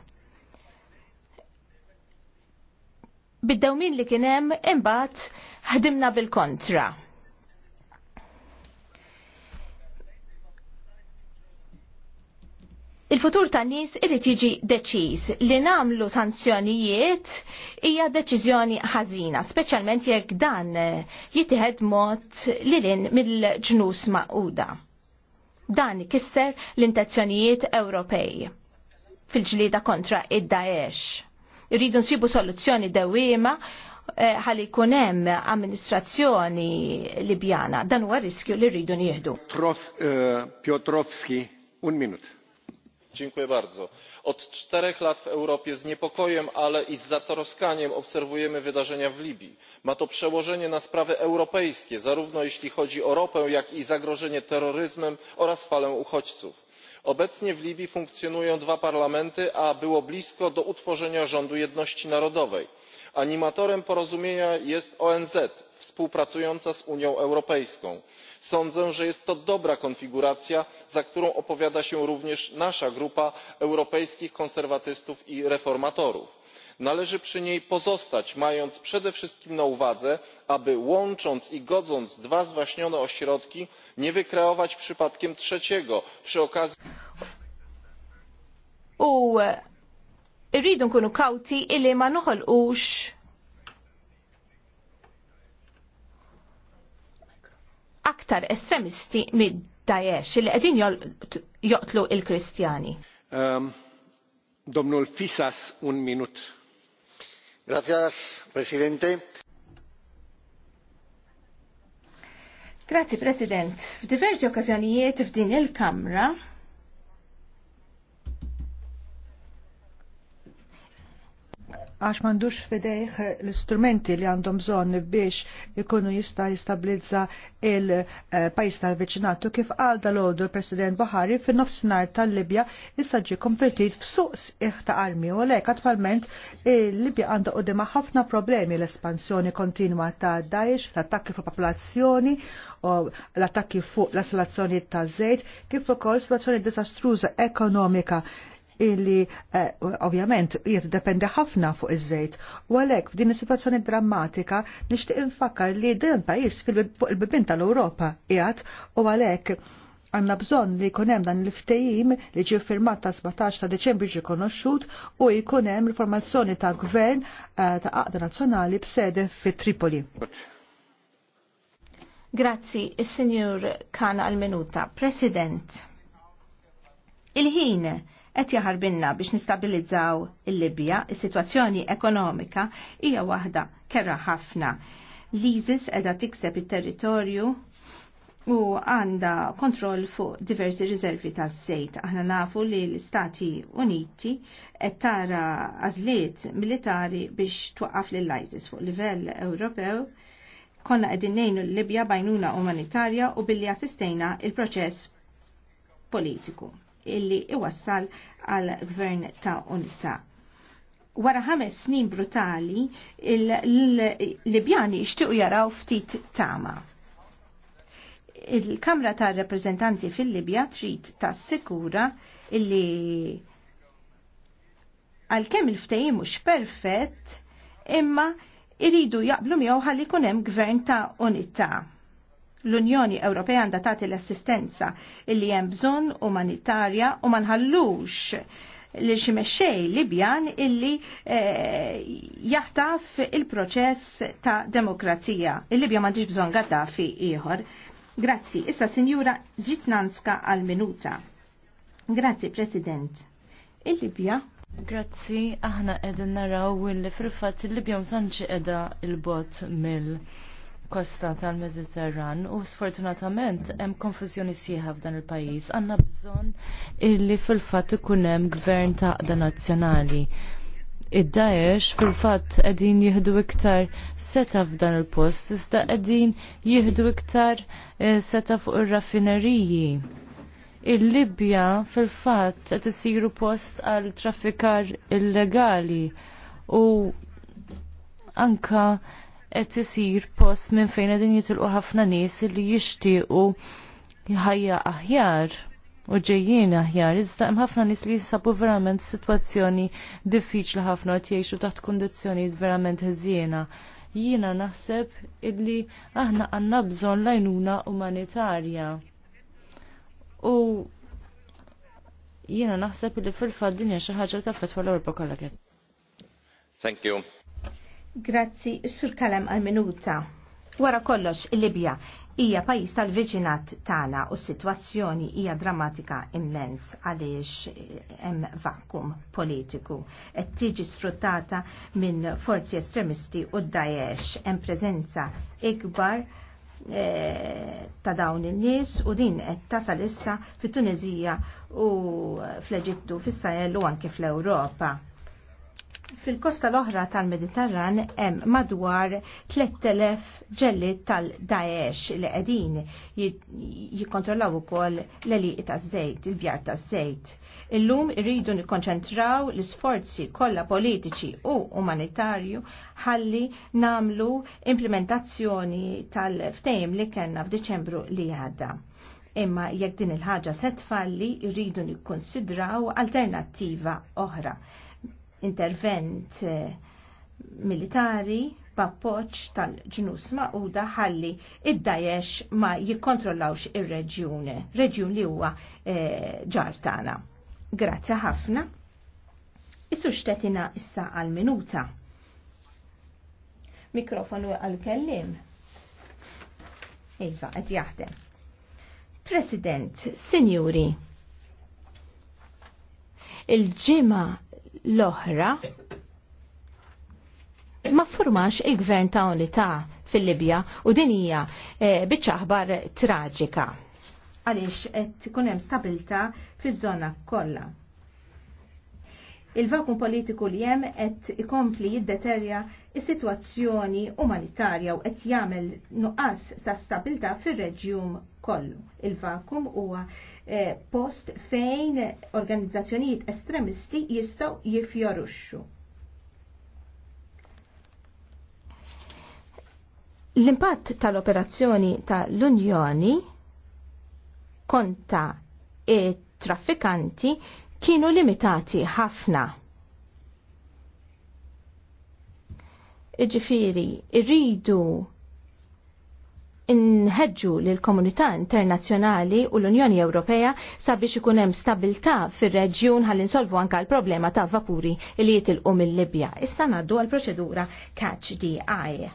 bid-dawmin li kienem imbat ħdimna bil-kontra. Il-futur ta' nis irrid jiġi deċiż li namlu sanzjonijiet hija deċiżjoni ħażina, speċjalment jekk dan jitieħed mod lilin mill-ġnus maquda. Dan ikisser l-intenzjonijiet Ewropej fil-ġlieda kontra id-Daesh. Irridu nsibu soluzzjoni dewima eh, ħalli kunem amministrazzjoni Libjana. Dan huwa riskju li rridu nieħdu. Eh, Piotrowski, un minut. Dziękuję bardzo. Od czterech lat w Europie z niepokojem, ale i z zatroskaniem obserwujemy wydarzenia w Libii. Ma to przełożenie na sprawy europejskie, zarówno jeśli chodzi o ropę, jak i zagrożenie terroryzmem oraz falę uchodźców obecnie w libii funkcjonują dwa parlamenty a było blisko do utworzenia rządu jedności narodowej. animatorem porozumienia jest onz współpracująca z unią europejską. sądzę że jest to dobra konfiguracja za którą opowiada się również nasza grupa europejskich konserwatystów i reformatorów należy przy niej pozostać mając przede wszystkim na uwadze aby łącząc i godząc dwa zwaśnione ośrodki nie wykreować przypadkiem trzeciego przy okazji u irridu nkunu kawti illi ma noħolqux aktar estremisti mid Daesh qegħdin joqtlu kristjani ehm, domnul Fisas un minut. Grazie, President. F'diversi okkazjonijiet f'din il-Kamra għax mandux fidejħ l-istrumenti li għandhom bżonn biex ikunu jista jistabilizza il-pajis eh, tal-veċinatu kif għal dal-ħodu l-President Buhari fin nofsinar tal-Libja issa ġie konvertit f'suqs ta' armi u lek attualment il-Libja għandha qudima ħafna problemi l-espansjoni kontinwa ta' Daesh, l-attakki fuq popolazzjoni l-attakki fuq l assalazzjoni ta' żejt kif ukoll situazzjoni disastruża ekonomika illi eh, ovvjament jiet dependi ħafna fuq iż-żejt. U għalhekk f'din is-sitwazzjoni drammatika nixtieq infakkar li din pajjiż fuq il-bibin tal-Ewropa qiegħed u għalhekk għanna bżon li jkunem dan l-ftejim li ġi firmat ta' 17 ta' Deċembri ġi konosciut u jkunem l-formazzjoni ta' gvern eh, ta' qaqda nazzjonali b'sede fi Tripoli. Grazzi, il-Sinjur Kana għal-Minuta. President, il-ħin qed jaħarbinna biex nistabilizzaw il-Libja, is-sitwazzjoni ekonomika hija waħda kera ħafna. L-ISIS qiegħda tikseb it-territorju u għanda kontroll fuq diversi riservi ta' żejt. Aħna nafu li l-Istati Uniti qed tara għażliet militari biex twaqqaf lill-ISIS fuq livell Ewropew konna qegħdin ngħinu l-Libja bajnuna umanitarja u billi assistejna il-proċess politiku illi iwassal għal gvern ta' unità. Wara ħames snin brutali, il-Libjani ixtiqu jaraw ftit tama. Il-Kamra ta' Rappresentanti fil-Libja trid tassikura illi għalkemm il-ftehim mhux perfett, imma iridu jaqblu miegħu ħalli jkun hemm gvern ta' unità L-Unjoni Ewropea għandha tagħti l-assistenza illi hemm bżonn umanitarja u ma nħallux li xi mexxej Libjan illi eh, jaħtaf il-proċess ta' demokrazija. Il-Libja m'għandix bżonn Gaddafi ieħor. Grazzi. Issa Sinjura Zitnanska għal minuta. Grazzi, President. Il-Libja Grazzi, aħna edin naraw li fil il-Libja msanċi edha il-bot mill kosta tal-Mediterran u sfortunatament hemm konfużjoni sieħa f'dan il-pajjiż. Għandna bżonn illi fil-fatt ikun hemm gvern ta' nazzjonali. Id-Daesh fil-fatt qegħdin jieħdu iktar seta f'dan il-post, iżda qegħdin jieħdu iktar eh, seta fuq ir-raffineriji. Il-Libja fil-fatt qed isiru post għal traffikar illegali u anka qed isir post minn fejn qegħdin jitilqu ħafna nies li jixtiequ ħajja aħjar u ġejjien aħjar, iżda hemm ħafna nies li jisabu verament sitwazzjoni diffiċli ħafna qed jgħixu taħt kundizzjonijiet verament ħżiena. Jiena naħseb illi aħna għandna bżonn lajnuna umanitarja. U jiena naħseb illi fil-fatt dinja xi ħaġa ta' wara l orba kollha Thank you. Grazzi, sur kalem għal-minuta. Wara kollox, Libja hija pajis tal viġinat tagħna u s-sitwazzjoni hija drammatika immens għaliex eh, hemm vakum politiku qed tiġi sfruttata minn forzi estremisti u Daesh hemm preżenza ikbar eh, ta' dawn in-nies u din qed tasal issa fit-Tunizija u fl-Eġittu fis-Sahel u anke fl-Ewropa Fil-kosta l-oħra tal-Mediterran hemm madwar 3000 ġelli tal-Daesh li qegħdin jikkontrollaw ukoll l-eliq taż-żejt, il-bjar taż-żejt. Illum irridu nikkonċentraw l-isforzi kollha politiċi u umanitarju ħalli namlu implementazzjoni tal-ftehim li kellna f'Diċembru li għadda imma jekk din il-ħaġa se tfalli rridu nikkonsidraw alternattiva oħra intervent eh, militari b'appoġġ tal-ġnus maquda ħalli id-Daesh ma jikkontrollawx ir-reġjun, reġjun li huwa eh, ġar tagħna. Grazzi ħafna. Issu xtetina issa għal-minuta. Mikrofonu għal-kellim. Iva, għed jaħdem. President, Sinjuri, il ġima l-oħra ma formax il-gvern ta' unità fil-Libja u din hija e, traġika. Għaliex qed tkun hemm stabilta fiż-żona kollha. Il-vakum politiku li hemm qed ikompli jiddeterja is-sitwazzjoni umanitarja u qed jagħmel nuqqas ta' stabilta fir-reġjum kollu. Il-vakum huwa Eh, post fejn organizzazzjonijiet estremisti jistaw jifjoruxxu. L-impatt tal-operazzjoni tal-Unjoni konta e traffikanti kienu limitati ħafna. Iġifiri, irridu inħedġu lil komunità internazzjonali u l-Unjoni Ewropea sabiex ikun hemm stabilità fir-reġjun ħalli insolvu anke l-problema ta' vapuri li jitilqu mill-Libja. Issa ngħaddu għall proċedura catch DI.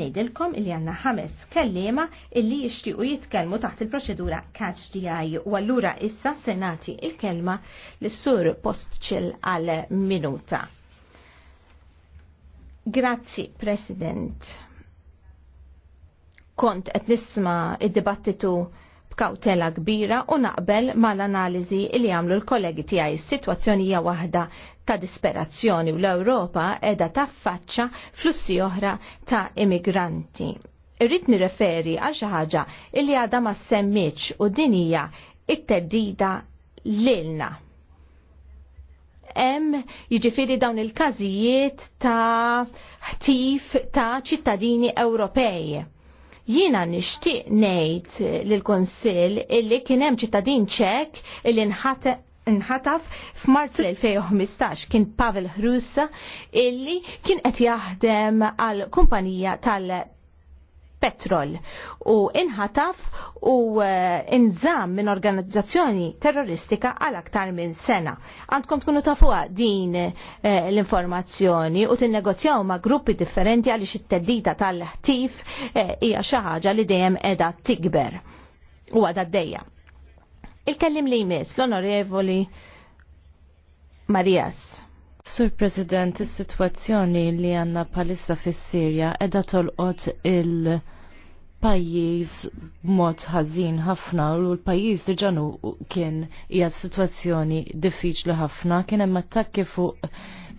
Nejdilkom il għanna ħames kellima illi jixtiequ jitkellmu taħt il-proċedura catch DI u allura issa senati il-kelma l-sur postċil għal minuta. Grazzi, President kont qed nisma' id-dibattitu b'kawtela kbira u naqbel mal-analiżi li għamlu l-kollegi tiegħi s-sitwazzjoni hija waħda ta' disperazzjoni u l-Ewropa qiegħda taffaċċa flussi oħra ta' immigranti. Irrid nirreferi għal xi ħaġa li għadha ma semmitx u din hija it-teddida lilna hemm jiġifieri dawn il-każijiet ta' ħtif ta' ċittadini Ewropej Jiena nixtieq ngħid lill-Kunsill illi kien hemm ċittadin ċek illi nħataf f'Marzu 2015 kien Pavel Hrussa illi kien qed jaħdem għal kumpanija tal petrol u inħataf u eh, inżam minn organizzazzjoni terroristika għal aktar minn sena. Għandkom tkunu tafuqa din eh, l-informazzjoni u tinnegozjaw ma' gruppi differenti għaliex it-teddita tal-ħtif eh, hija xi ħaġa li dejjem qiegħda tikber u għadha d Il-kellim li jmiss l-onorevoli Marias. Sur President, is-sitwazzjoni li għanna palissa fis-Sirja edha tolqot il- pajjiż b'mod ħażin ħafna u l-pajjiż diġanu kien hija f'sitwazzjoni diffiċli ħafna kien hemm attakki fuq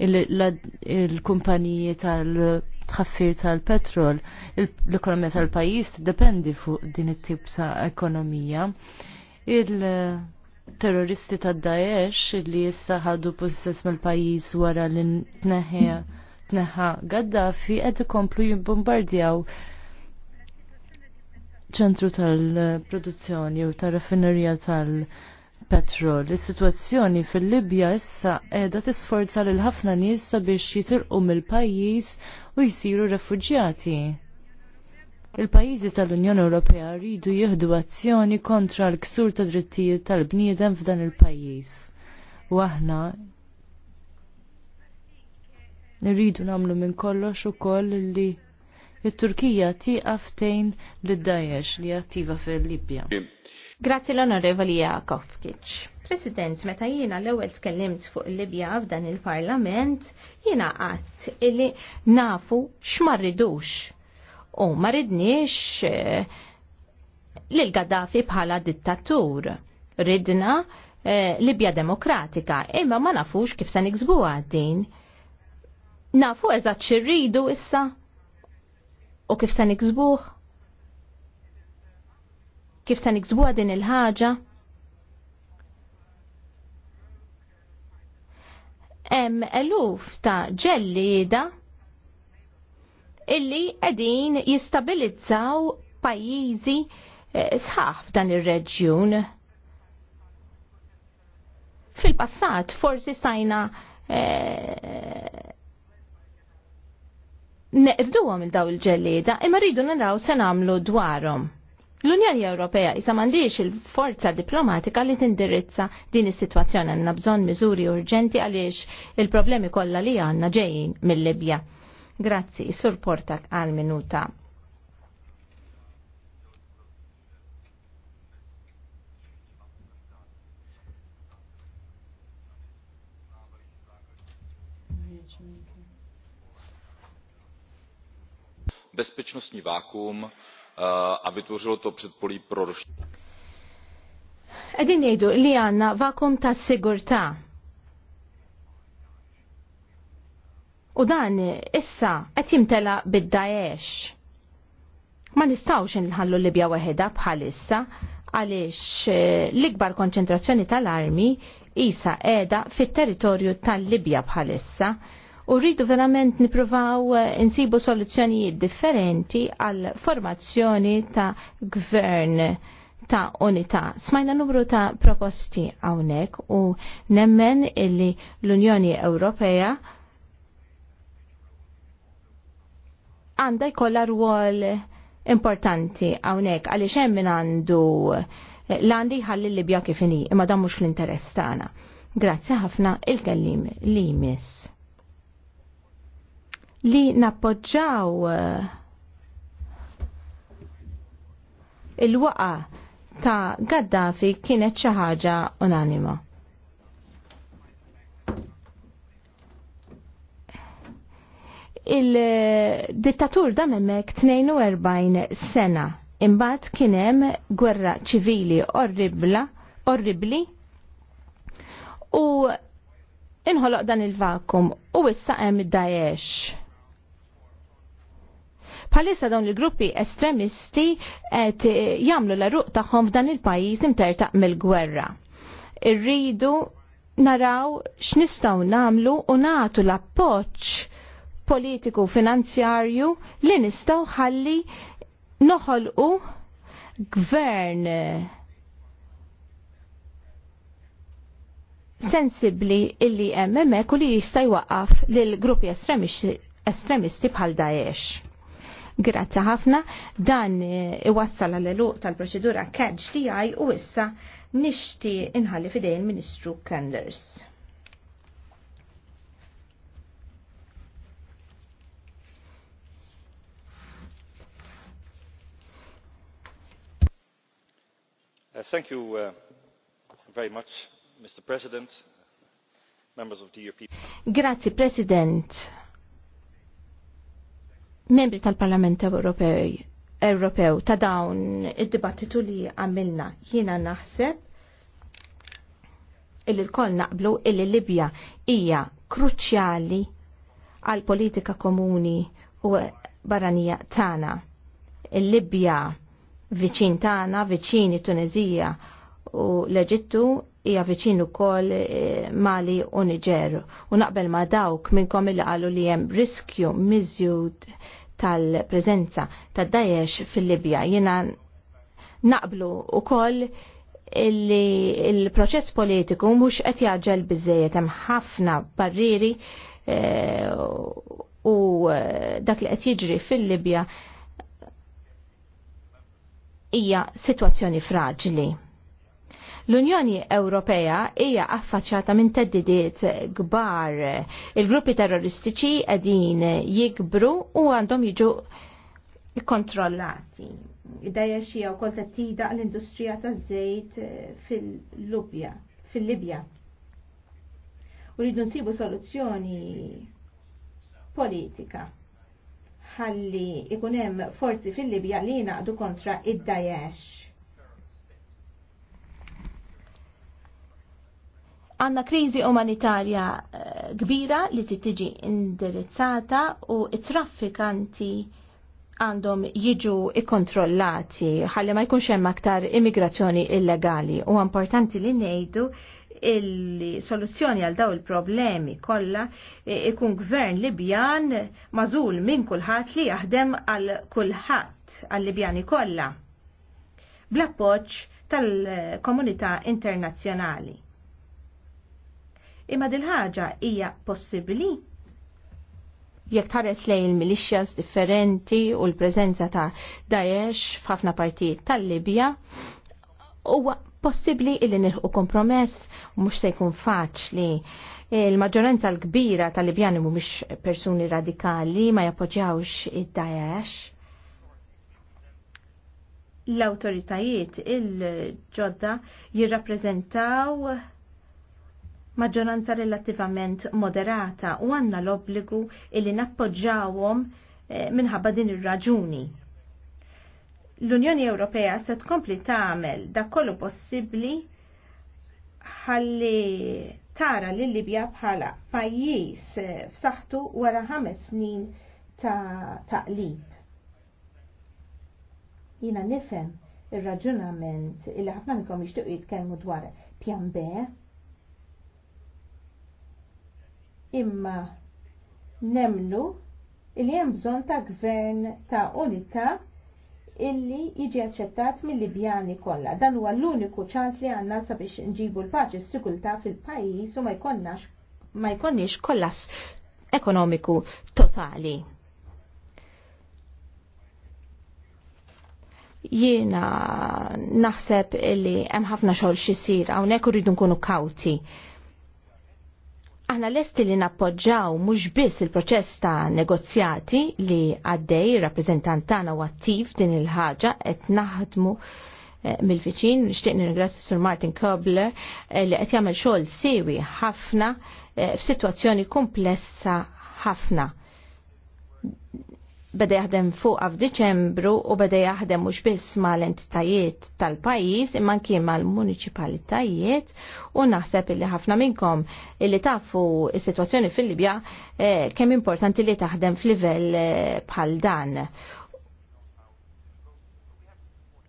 il-kumpaniji tal-tħaffir tal-petrol. L-ekonomija tal-pajjiż tiddependi fuq din it-tip ta' ekonomija. Il-terroristi tad Daesh li issa ħadu possess mill-pajjiż wara l-tneħħa Gaddafi qed ikomplu jibbombardjaw ċentru tal-produzzjoni u tal-raffinerija tal-petrol. Is-sitwazzjoni fil-Libja issa qiegħda tisforza lil ħafna nies sabiex jitilqu mill-pajjiż u jsiru refuġjati. Il-pajjiżi tal-Unjoni Ewropea rridu jieħdu azzjoni kontra l-ksur ta' drittijiet tal-bniedem f'dan il-pajjiż. U aħna nirridu nagħmlu minn kollox ukoll li it-Turkija tiqaf tejn lid dajesh li attiva fil-Libja. Grazzi l-Onorevoli Jakovkic. President, meta jiena l-ewwel tkellimt fuq il-Libja f'dan il-Parlament, jiena qatt illi nafu x'marridux. U ma ridniex eh, lil Gaddafi bħala dittatur. Ridna eh, Libja demokratika, imma ma nafux kif se niksbuha din. Nafu eżatt xirridu issa u kif se niksbuh? Kif se niksbuha din il-ħaġa? Hemm eluf ta' ġellieda illi qegħdin jistabilizzaw pajjiżi eh, sħaħ f'dan ir-reġjun. Fil-passat forsi stajna eh, għom il daw il-ġellieda imma rridu naraw se nagħmlu dwarhom. L-Unjoni Ewropea isa m'għandix il-forza diplomatika li tindirizza din is-sitwazzjoni għandna bżonn miżuri urġenti għaliex il-problemi kollha li għandna ġejjin mill-Libja. Grazzi, Sur Portak għal minuta. bezpečnostní vákuum eh, a vytvořilo to předpolí pro roštění. Edin jgħidu li vakum ta' sigurta. U dan issa qed jimtela bid-Daesh. Ma nistgħux inħallu Libja weħeda bħalissa għaliex eh, l-ikbar konċentrazzjoni tal-armi isa qiegħda fit-territorju tal-Libja bħalissa. issa u rridu verament niprovaw insibu soluzzjonijiet differenti għal formazzjoni ta' gvern ta' unità. Smajna numru ta' proposti hawnhekk u nemmen illi l-Unjoni Ewropea għandha jkollha rwol importanti hawnhekk għaliex hemm min għandu l-għandi ħalli Libja kif inhi imma dan mhux l-interess tagħna. Grazzi ħafna il-kellim li jmiss li nappoġġaw eh, il-waqa ta' Gaddafi kienet xi ħaġa unanima. Il-dittatur da memmek 42 sena imbagħad kien hemm gwerra ċivili orribla, orribli u inħoloq dan il-vakum u issa hemm id Daesh Palissa dawn il-gruppi estremisti qed jagħmlu l-ruq tagħhom f'dan il-pajjiż imtertaq mill-gwerra. Irridu naraw x'nistgħu nagħmlu u nagħtu l-appoġġ politiku finanzjarju li nistgħu ħalli noħolqu gvern sensibli illi hemm hemmhekk u li jista' jwaqqaf lil gruppi estremisti bħal Daesh. Grazzi ħafna, dan e, iwassal għal l tal-proċedura catch DI u issa nixti inħalli fidejn Ministru Kenders. Uh, thank you uh, very much, Mr. President, members of the European Grazie, President membri tal-Parlament Ewropej Ewropew ta' dawn id-dibattitu li għamilna jiena naħseb illi l-koll naqblu illi Libja hija kruċjali għal politika komuni u barranija tagħna. Il-Libja viċin tagħna, viċini Tunezija u l-Eġittu hija viċin ukoll eh, Mali u Niger U naqbel ma dawk minnkom il qalu li hemm riskju miżjud tal-preżenza tad dajex fil-Libja. Jiena naqblu ukoll illi il-proċess politiku mhux qed jaġġel biżejjed hemm ħafna barriri e, u eh, dak li qed jiġri fil-Libja hija sitwazzjoni fraġli. L-Unjoni Ewropea hija affaċċata minn teddidiet kbar. Il-gruppi terroristiċi qegħdin jikbru u għandhom jiġu kontrollati. Dajja xija u kol tettida l-industrija taż żejt fil lubja Fil-Libja. U rridu nsibu soluzzjoni politika ħalli ikun hemm forzi fil-Libja li jingħaqdu kontra id-Daesh għanna krizi umanitarja eh, kbira li tiġi indirizzata u traffikanti għandhom jiġu ikkontrollati ħalli ma jkunx hemm aktar immigrazzjoni illegali u importanti li ngħidu il-soluzzjoni għal daw il-problemi kollha eh, ikun gvern Libjan mażul minn kulħadd li jaħdem għal kulħadd għal Libjani kollha bl-appoġġ tal-komunità internazzjonali imma dil-ħaġa hija possibbli jekk tħares lejn il-milixjas differenti u l-preżenza ta' Daesh f'ħafna partijiet tal-Libja, huwa possibbli illi nilħu kompromess u mhux se jkun faċli. Il-maġġoranza l-kbira tal-Libjani mhumiex persuni radikali ma jappoġġjawx id-Daesh. L-awtoritajiet il-ġodda jirrappreżentaw maġġoranza relattivament moderata u għanna l-obbligu illi nappoġġawhom eh, minħabba din ir-raġuni. L-Unjoni Ewropea se tkompli tagħmel dak kollu possibbli ħalli tara lil Libja bħala pajjiż eh, f'saħħtu wara ħames snin ta' taqlib. Jina nifhem ir-raġunament illi ħafna minnkom jixtiequ jitkellmu dwar pjan B imma nemlu il hemm bżonn ta' gvern ta' unità illi jiġi aċċettat mill-Libjani kollha. Dan huwa l-uniku ċans li għandna sabiex nġibu l-paċi s-sigurtà fil-pajjiż u ma jkollnax ma kollas ekonomiku totali. Jiena naħseb illi hemm ħafna xogħol xisir hawnhekk irridu nkunu kawti. Aħna lesti li nappoġġaw mhux biss il-proċess ta' negozjati li għaddej rappreżentantana u attiv din il-ħaġa qed naħdmu eh, mill-viċin, nixtieq nirringrazzi Sur Martin Kobler eh, li qed jagħmel xogħol siewi ħafna eh, f'sitwazzjoni komplessa ħafna beda jaħdem fuq f'Diċembru u beda jaħdem mhux biss mal-entitajiet tal-pajjiż imma kien mal-municipalitajiet u naħseb illi ħafna minnkom illi tafu s sitwazzjoni fil-Libja eh, kemm importanti li taħdem f'livell eh, bħal dan.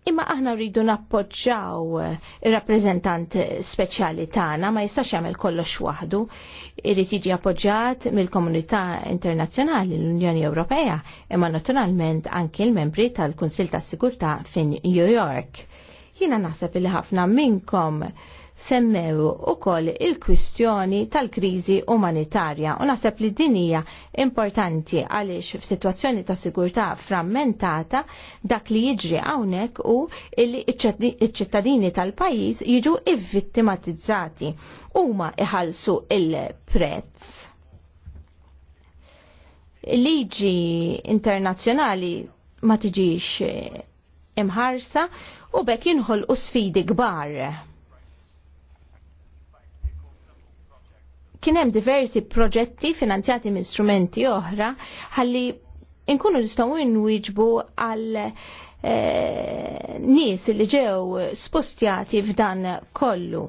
Imma aħna rridu nappoġġaw eh, ir-rappreżentant speċjali tagħna ma jistax jagħmel kollox waħdu, irid jiġi appoġġjat mill-komunità internazzjonali l-Unjoni Ewropea, imma naturalment anki l-membri tal-Kunsil tas-Sigurtà fin New York. Jiena naħseb li ħafna minnkom semmew ukoll il-kwistjoni tal-kriżi umanitarja u naħseb li din hija importanti għaliex f'sitwazzjoni ta' sigurta frammentata dak li jiġri hawnhekk u il-ċittadini tal-pajjiż jiġu u huma iħalsu il-prezz. Liġi internazzjonali ma tiġix imħarsa u bekk jinħol u sfidi kbar kien hemm diversi proġetti finanzjati minn strumenti oħra ħalli inkunu nistgħu inwiġbu għal eh, nies li ġew spostjati f'dan kollu.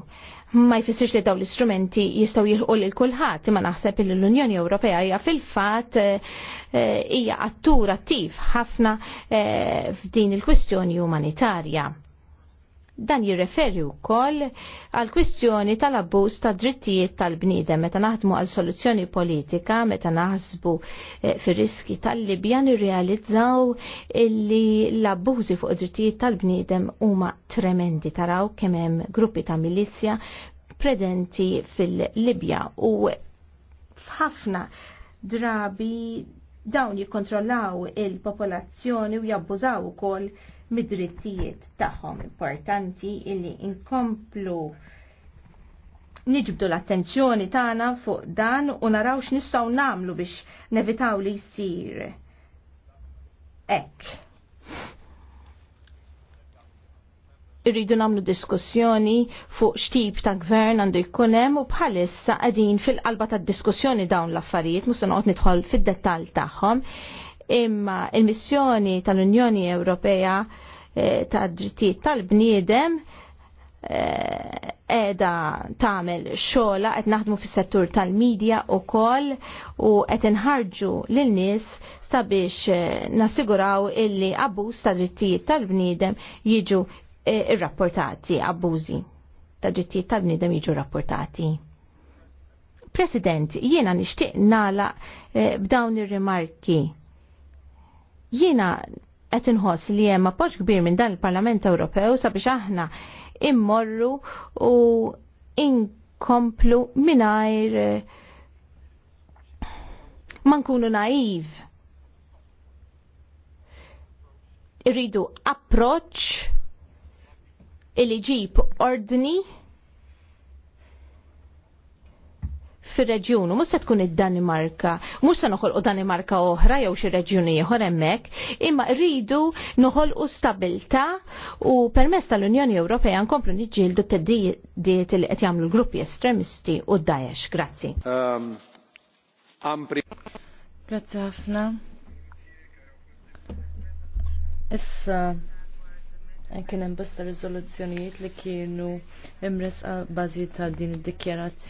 Ma jfissirx li daw l-istrumenti jistaw jilħu lil kulħadd imma naħseb li l-Unjoni Ewropea hija fil-fatt eh, hija attur attiv ħafna eh, f'din il-kwestjoni umanitarja. Dan jirreferi wkoll għal kwistjoni tal-abbuż ta' drittijiet tal-bniedem meta naħdmu għal soluzzjoni politika, meta naħsbu eh, fir-riski tal-Libja nirrealizzaw illi l-abbużi fuq drittijiet tal-bniedem huma tremendi taraw kemm hemm gruppi ta' milizja predenti fil-Libja u f'ħafna drabi dawn jikkontrollaw il-popolazzjoni u jabbużaw ukoll mid-drittijiet tagħhom importanti illi inkomplu niġbdu l-attenzjoni tagħna fuq dan u naraw x'nistgħu nagħmlu biex nevitaw li jsir hekk. Irridu nagħmlu diskussjoni fuq x'tip ta' gvern għandu jkun hemm u bħalissa qegħdin fil-qalba tad-diskussjoni dawn l-affarijiet mhux se noqgħod nidħol fid-dettall tagħhom imma il-missjoni tal-Unjoni Ewropea eh, ta' drittijiet tal-bniedem eh, edha tamel xola qed naħdmu fis-settur tal-medja wkoll u qed inħarġu lil nies sabiex eh, nassiguraw illi abbuż ta' drittijiet tal-bniedem jiġu irrapportati, abbużi ta' drittijiet tal-bniedem jiġu rapportati. President, jiena nixtieq nala b'dawn ir-rimarki Jiena qed inħoss li hemm appoġġ kbir minn dan il-Parlament Ewropew sabiex aħna immorru u inkomplu mingħajr eh, ma nkunu naiv. Irridu approċċ illi ġib ordni fir-reġjun u mhux se tkun id-Danimarka, mhux se noħolqu Danimarka oħra jew xi reġjuni ieħor hemmhekk, imma rridu noħolqu stabilta u permess tal-Unjoni Ewropea nkomplu niġġieldu t-teddiet li qed jagħmlu l-gruppi estremisti u Daesh. Grazzi. Um, Grazzi ħafna. Issa kien hemm bosta riżoluzzjonijiet li kienu imresqa bażi ta' din id-dikjarazzjoni.